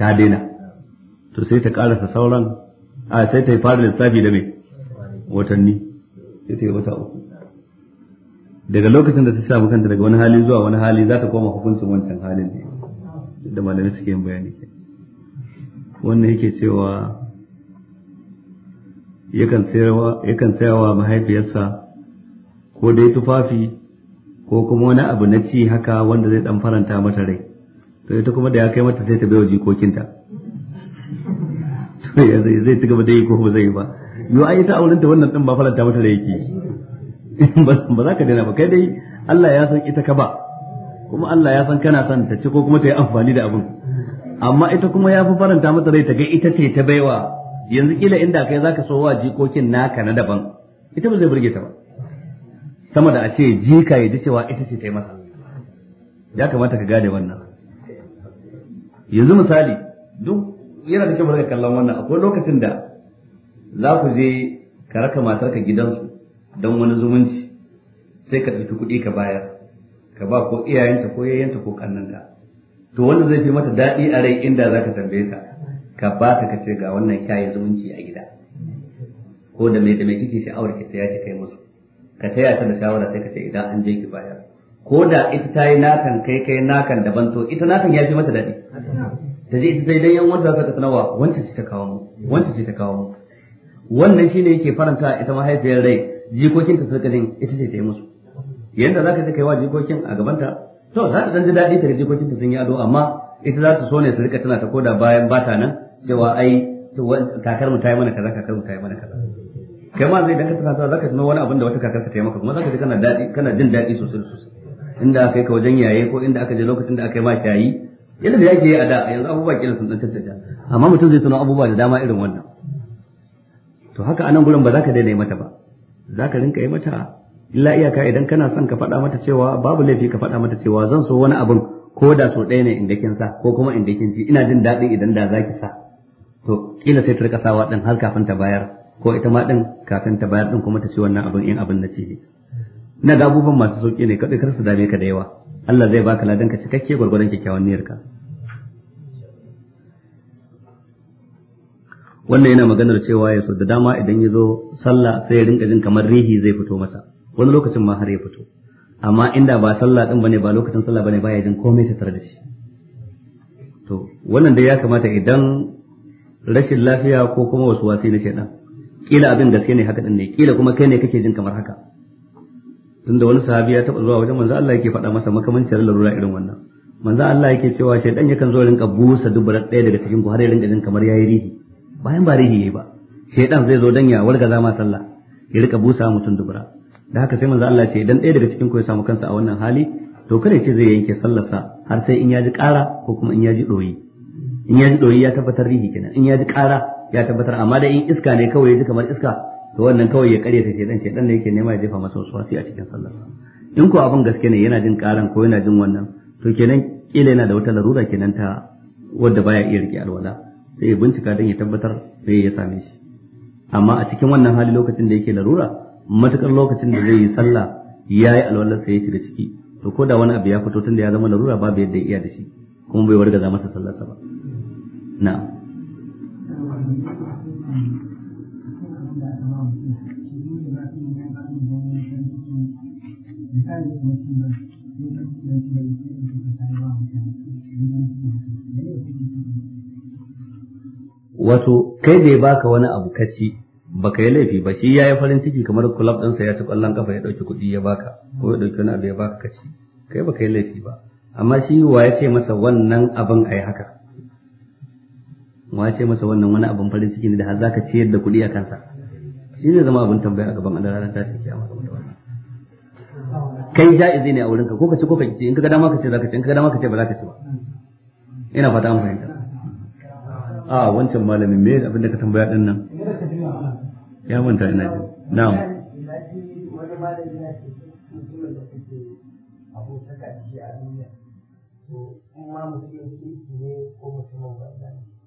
ta daina to sai ta karasa sauran a sai ta yi fara lissafi da mai watanni sai ta yi wata uku daga lokacin da ta samu kanta daga wani hali zuwa wani hali za ta koma hukuncin wancan halin ne da malamai suke yin bayani ke wannan yake cewa yakan tsayawa mahaifiyarsa ko dai tufafi ko kuma wani abu na ci haka wanda zai dan faranta mata rai to ita kuma da ya kai mata sai ta baiwa jikokinta to ya zai zai ci gaba da yi ko ba zai yi ba yo ai ita aurenta wannan din ba faranta mata da yake ba za ka daina ba kai dai Allah ya san ita ka ba kuma Allah ya san kana son ta ce ko kuma ta yi amfani da abin amma ita kuma ya fi faranta mata rai ta ga ita ce ta baiwa yanzu kila inda kai zaka so wa jikokin naka na daban ita ba zai burge ta ba sama da a ce jika ya ji cewa ita ce ta yi masa ya kamata ka gane wannan yanzu misali duk yana da kyau mu kallon wannan akwai lokacin da za ku je ka raka matarka gidansu don wani zumunci sai ka ɗauki kuɗi ka bayar ka ba ko iyayenta ko yayyanta ko kannanta to wanda zai fi mata daɗi a rai inda za ka tambaye ta ka ba ta ka ce ga wannan kyaye zumunci a gida ko da mai da mai kike sha'awar ki ya ce kai musu ka taya ta da shawara sai ka ce idan an je ki bayar ko da ita ta yi natan kai kai nakan daban to ita natan ya fi mata daɗi da zai ita daidai yan wanda za ta tunawa wancan sai ta kawo mu wancan sai ta kawo mu wannan shine yake faranta ita mahaifiyar rai jikokin ta sarka jin ita ce ta yi musu yanda ka je kai wa jikokin a gabanta to za ta dan ji daɗi ta ga jikokin ta sun yi ado amma ita za su so ne su rika tana ta koda bayan bata nan cewa ai kakar mu ta yi mana kaza kakar mu ta yi mana kaza kai ma zai danka tana ka sano wani abin da wata kakar ka ta yi maka kuma ka ji kana daɗi kana jin daɗi sosai sosai inda aka yi ka wajen yaye ko inda aka je lokacin da aka yi ma shayi yadda da yake yi a da yanzu abubuwa kila sun dan caccata amma mutum zai suna abubuwa da dama irin wannan to haka anan gurin ba za ka daina yi mata ba za ka rinka yi mata illa iyaka idan kana son ka faɗa mata cewa babu laifi ka faɗa mata cewa zan so wani abin ko da so ɗaya ne inda kin sa ko kuma inda kin ci ina jin daɗi idan da za ki sa to kila sai ta rika sawa ɗin har kafin ta bayar ko ita ma ɗin kafin ta bayar ɗin kuma ta ci wannan abin in abin na ci ne ina ga abubuwan masu sauƙi ne kaɗai kar su dame ka da yawa Allah zai baka ladan ka cikakke gurgurdan kyakkyawan niyyarka wannan yana maganar cewa ya so da dama idan ya zo sallah sai ya rinka jin kamar rihi zai fito masa wani lokacin ma har ya fito amma inda ba sallah din bane ba lokacin sallah bane baya jin komai ta tare da shi to wannan dai ya kamata idan rashin lafiya ko kuma wasu wasi na shedan kila abin gaske ne haka din ne kila kuma kai ne kake jin kamar haka tunda wani sahabi ya taɓa zuwa wajen manzo Allah yake faɗa masa makamancin larura irin wannan manzo Allah yake cewa shaydan yakan zo rinka busa dubarar ɗaya daga cikin ku har ya rinka jin kamar yayi rihi bayan ba rihi yayi ba shaydan zai zo dan ya wargaza ma sallah ya rika busa mutum dubura da haka sai manzo Allah ce idan ɗaya daga cikin ku ya samu kansa a wannan hali to kada ce zai yanke sallarsa har sai in ya ji ƙara ko kuma in ya ji ɗoyi in ya ji ɗoyi ya tabbatar rihi kenan in ya ji ƙara ya tabbatar amma da in iska ne kawai ya ji kamar iska to wannan kawai ya kare sai shedan shedan ne yake nema ya jefa masa wasi a cikin sallarsa in ko abin gaske ne yana jin karan ko yana jin wannan to kenan kila yana da wata larura kenan ta wadda baya iya rike alwala sai ya bincika don ya tabbatar me ya same shi amma a cikin wannan hali lokacin da yake larura matukar lokacin da zai yi sallah ya yi alwalar sai ya shiga ciki to ko da wani abu ya fito tun da ya zama larura babu yadda ya iya da shi kuma bai wargaza masa sallarsa ba na'am wato kai bai baka wani abu kaci baka yi laifi ba shi ya yi farin ciki kamar kulab ɗinsa ya ci ƙwallon kafa ya ɗauki kuɗi ya baka ko ya ɗauki wani abu ya baka kaci kai baka yi laifi ba amma shi wa ya ce masa wannan abin a yi haka wa ya ce masa wannan wani abin farin ciki ne da har ka ciyar da kuɗi a kansa shi ne zama abin tambaya a gaban Allah ranar tashin kiyama kai ja'izi ne a wurinka ko ka ci ko ka ci in ka ga dama ka ce zaka ci in ka ga dama ka ce ba zaka ci ba ina fata an fahimta a wancan malamin me abin da ka tambaya din nan ya manta ina ji na'am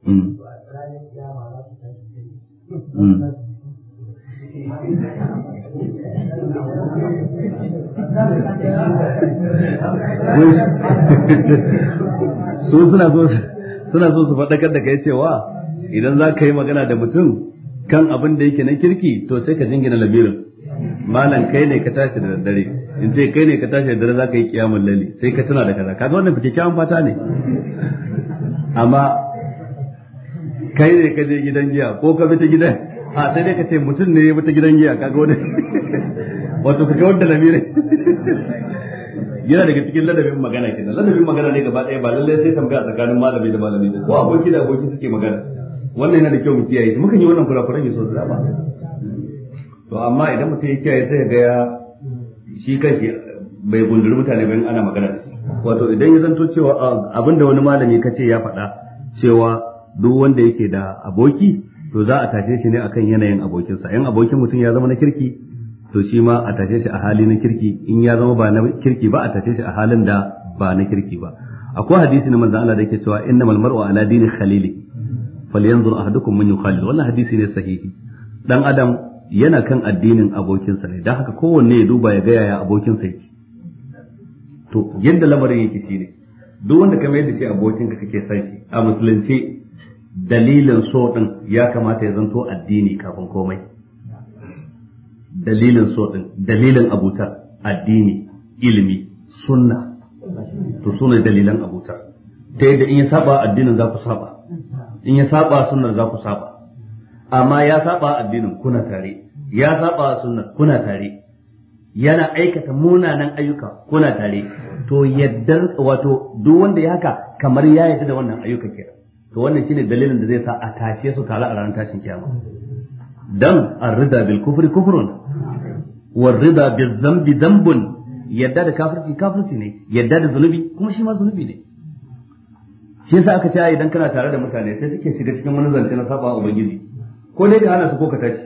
Mm. su suna so suna so su faɗakar da kai cewa idan za ka yi magana da mutum kan abin da yake na kirki to sai ka jingina lamirin malam kai ne ka tashi da daddare in ce kai ne ka tashi da daddare za ka yi kiyamun lalle sai ka tuna da kaza kaga wannan kyawun fata ne amma kai ne ka je gidan giya ko ka bi ta gidan a sai dai ka ce mutum ne ya bi ta gidan giya kaga wani wato kaga wanda lamirin yana daga cikin ladabin magana ke. nan ladabin magana ne gaba ɗaya ba lallai sai tambaya tsakanin malami da malami ko aboki da aboki suke magana wannan yana da kyau mu kiyaye shi mukan yi wannan kurakuran yaso da ba to amma idan mutum ya kiyaye sai ga ya shi kanshi bai gunduri mutane bayan ana magana da shi wato idan ya zanto cewa abin da wani malami ka ce ya faɗa cewa duk wanda yake da aboki to za a tashe shi ne akan yanayin abokinsa yan abokin mutum ya zama na kirki to shi ma a tashe shi a hali na kirki in ya zama ba na kirki ba a tashe shi a halin da ba na kirki ba akwai hadisi na manzon Allah da yake cewa innamal mar'u ala dini khalili falyanzur ahadukum man yukhalil wannan hadisi ne sahihi dan adam yana kan addinin abokinsa ne dan haka kowanne ya duba ya ga yaya abokinsa yake to yanda lamarin yake shine duk wanda ka mayar da shi abokinka kake san shi a musulunci dalilin so din ya kamata ya zanto addini kafin komai dalilin so din dalilin abutar addini ilimi sunna to sunna dalilan abutar. ta yadda in ya saba addinin za ku saba in ya saba sunnar za ku saba amma ya saba addinin kuna tare ya saba sunnar kuna tare yana aikata munanan ayyuka kuna tare to yaddar wato duk wanda ya haka kamar ya yadda da wannan ayyuka ke. to wannan shine dalilin da zai sa a tashe su tare a ranar tashin kiyama dan ar bil kufri kufrun war rida bil dhanbi dhanbun yadda da kafirci kafirci ne yadda da zunubi kuma shi ma zunubi ne shi yasa aka ce idan kana tare da mutane sai suke shiga cikin wani na saba ubangiji ko dai ka hana su ko ka tashi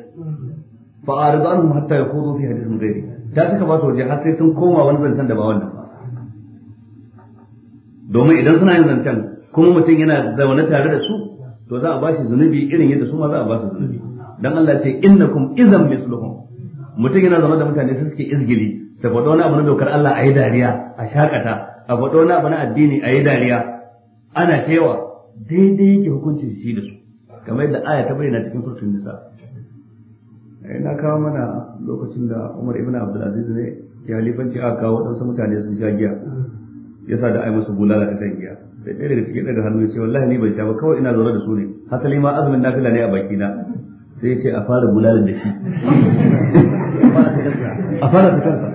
fa arida anhum hatta yakhudu fi hadithin ghairi ta suka ba su waje har sai sun koma wani zancen da ba wannan domin idan suna yin zancen kuma mutum yana zaune tare da su to za a ba shi zunubi irin yadda su ma za a ba su zunubi dan Allah ce innakum idzan mithluhum mutum yana zama da mutane sai suke izgili sai faɗo wani abu na dokar Allah a yi dariya a shakata a faɗo wani abu na addini a yi dariya ana cewa daidai yake hukuncin shi da su kamar yadda aya ta bayyana cikin surtun nisa eh, na kawo mana lokacin da Umar ibn Abdul Aziz ne ya halifanci aka kawo waɗansu mutane sun sha giya yasa da ai musu bulala ta shan giya sai ɗaya daga cikin daga hannu ya ce wallahi ni bai sha ba kawai ina zaune da su ne hasali ma azumin nafila ne a bakina sai ce a fara bulalar da shi a fara ta kansa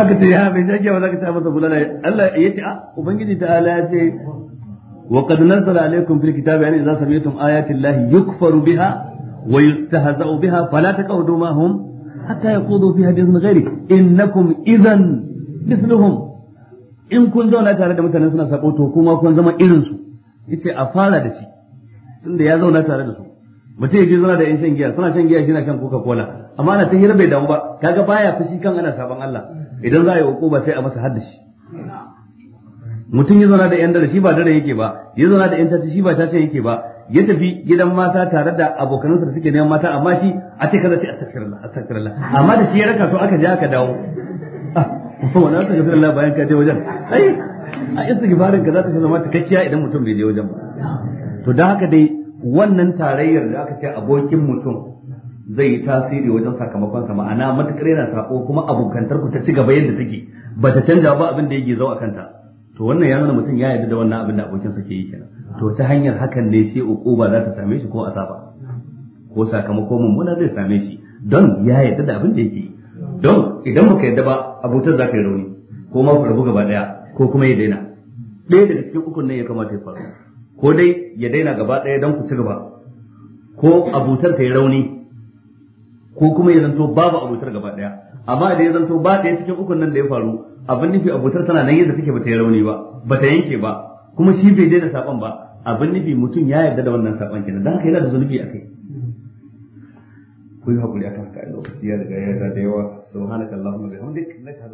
aka ce ya bai shagiya ba za ka ci masa bulala Allah ya ce a ah, ubangiji ta ala ya ce wa qad nazzala alaykum fil kitabi an idza sami'tum ayati llahi yukfaru biha wa yustahza'u biha fala taqudu ma hum hatta yaqudu fi hadithin ghairi innakum idhan mithluhum in kun zauna tare da mutanen suna sako to kuma kun zama irin su yace a fara da shi tunda ya zauna tare da su mutum yaje zauna da yan shan giya suna shan giya shi na shan coca cola amma ana ta hira bai damu ba kaga baya fushi kan ana sabon Allah idan za a yi ba sai a masa haddashi mutum ya zauna da yan dare shi ba dare yake ba ya zauna da yan caci shi ba caci yake ba ya tafi gidan mata tare da abokanansa da suke neman mata amma shi a ce kaza ce astaghfirullah astaghfirullah amma da shi ya raka su aka je aka dawo ah, wannan astaghfirullah bayan ka je wajen ai a istighfarin ka za ta zama cikakkiya idan mutum bai je wajen ba to da haka dai wannan tarayyar da aka ce abokin mutum zai yi tasiri wajen sakamakonsa ma'ana matukar yana sako kuma abokantar ku ta ci gaba yadda take ba ta canja ba abin da yake zau a kanta to wannan ya nuna mutum ya yarda da wannan abin da abokinsa ke yi kenan to ta hanyar hakan ne sai ukuba za ta same shi ko asaba ko sakamako mummuna zai same shi don ya yarda da abin da yake yi don idan baka yarda ba abotar za ta yi rauni ko ma ku rabu gaba daya ko kuma ya daina ɗaya daga cikin ukun ne ya kamata ya faru ko dai ya daina gaba ɗaya don ku ci gaba ko abutar ta yi rauni ko kuma ya zanto babu abutar gaba ɗaya amma da ya zanto ba ɗaya cikin ukun nan da ya faru abin nufi abutar tana nan yadda take bata yi rauni ba bata yanke ba kuma shi bai daina saban ba abin nufi mutum ya yarda da wannan saban kenan dan haka yana da zunubi akai ku yi hakuri akan haka lokaci ya daga ya da yawa subhanakallahumma bihamdik nashhadu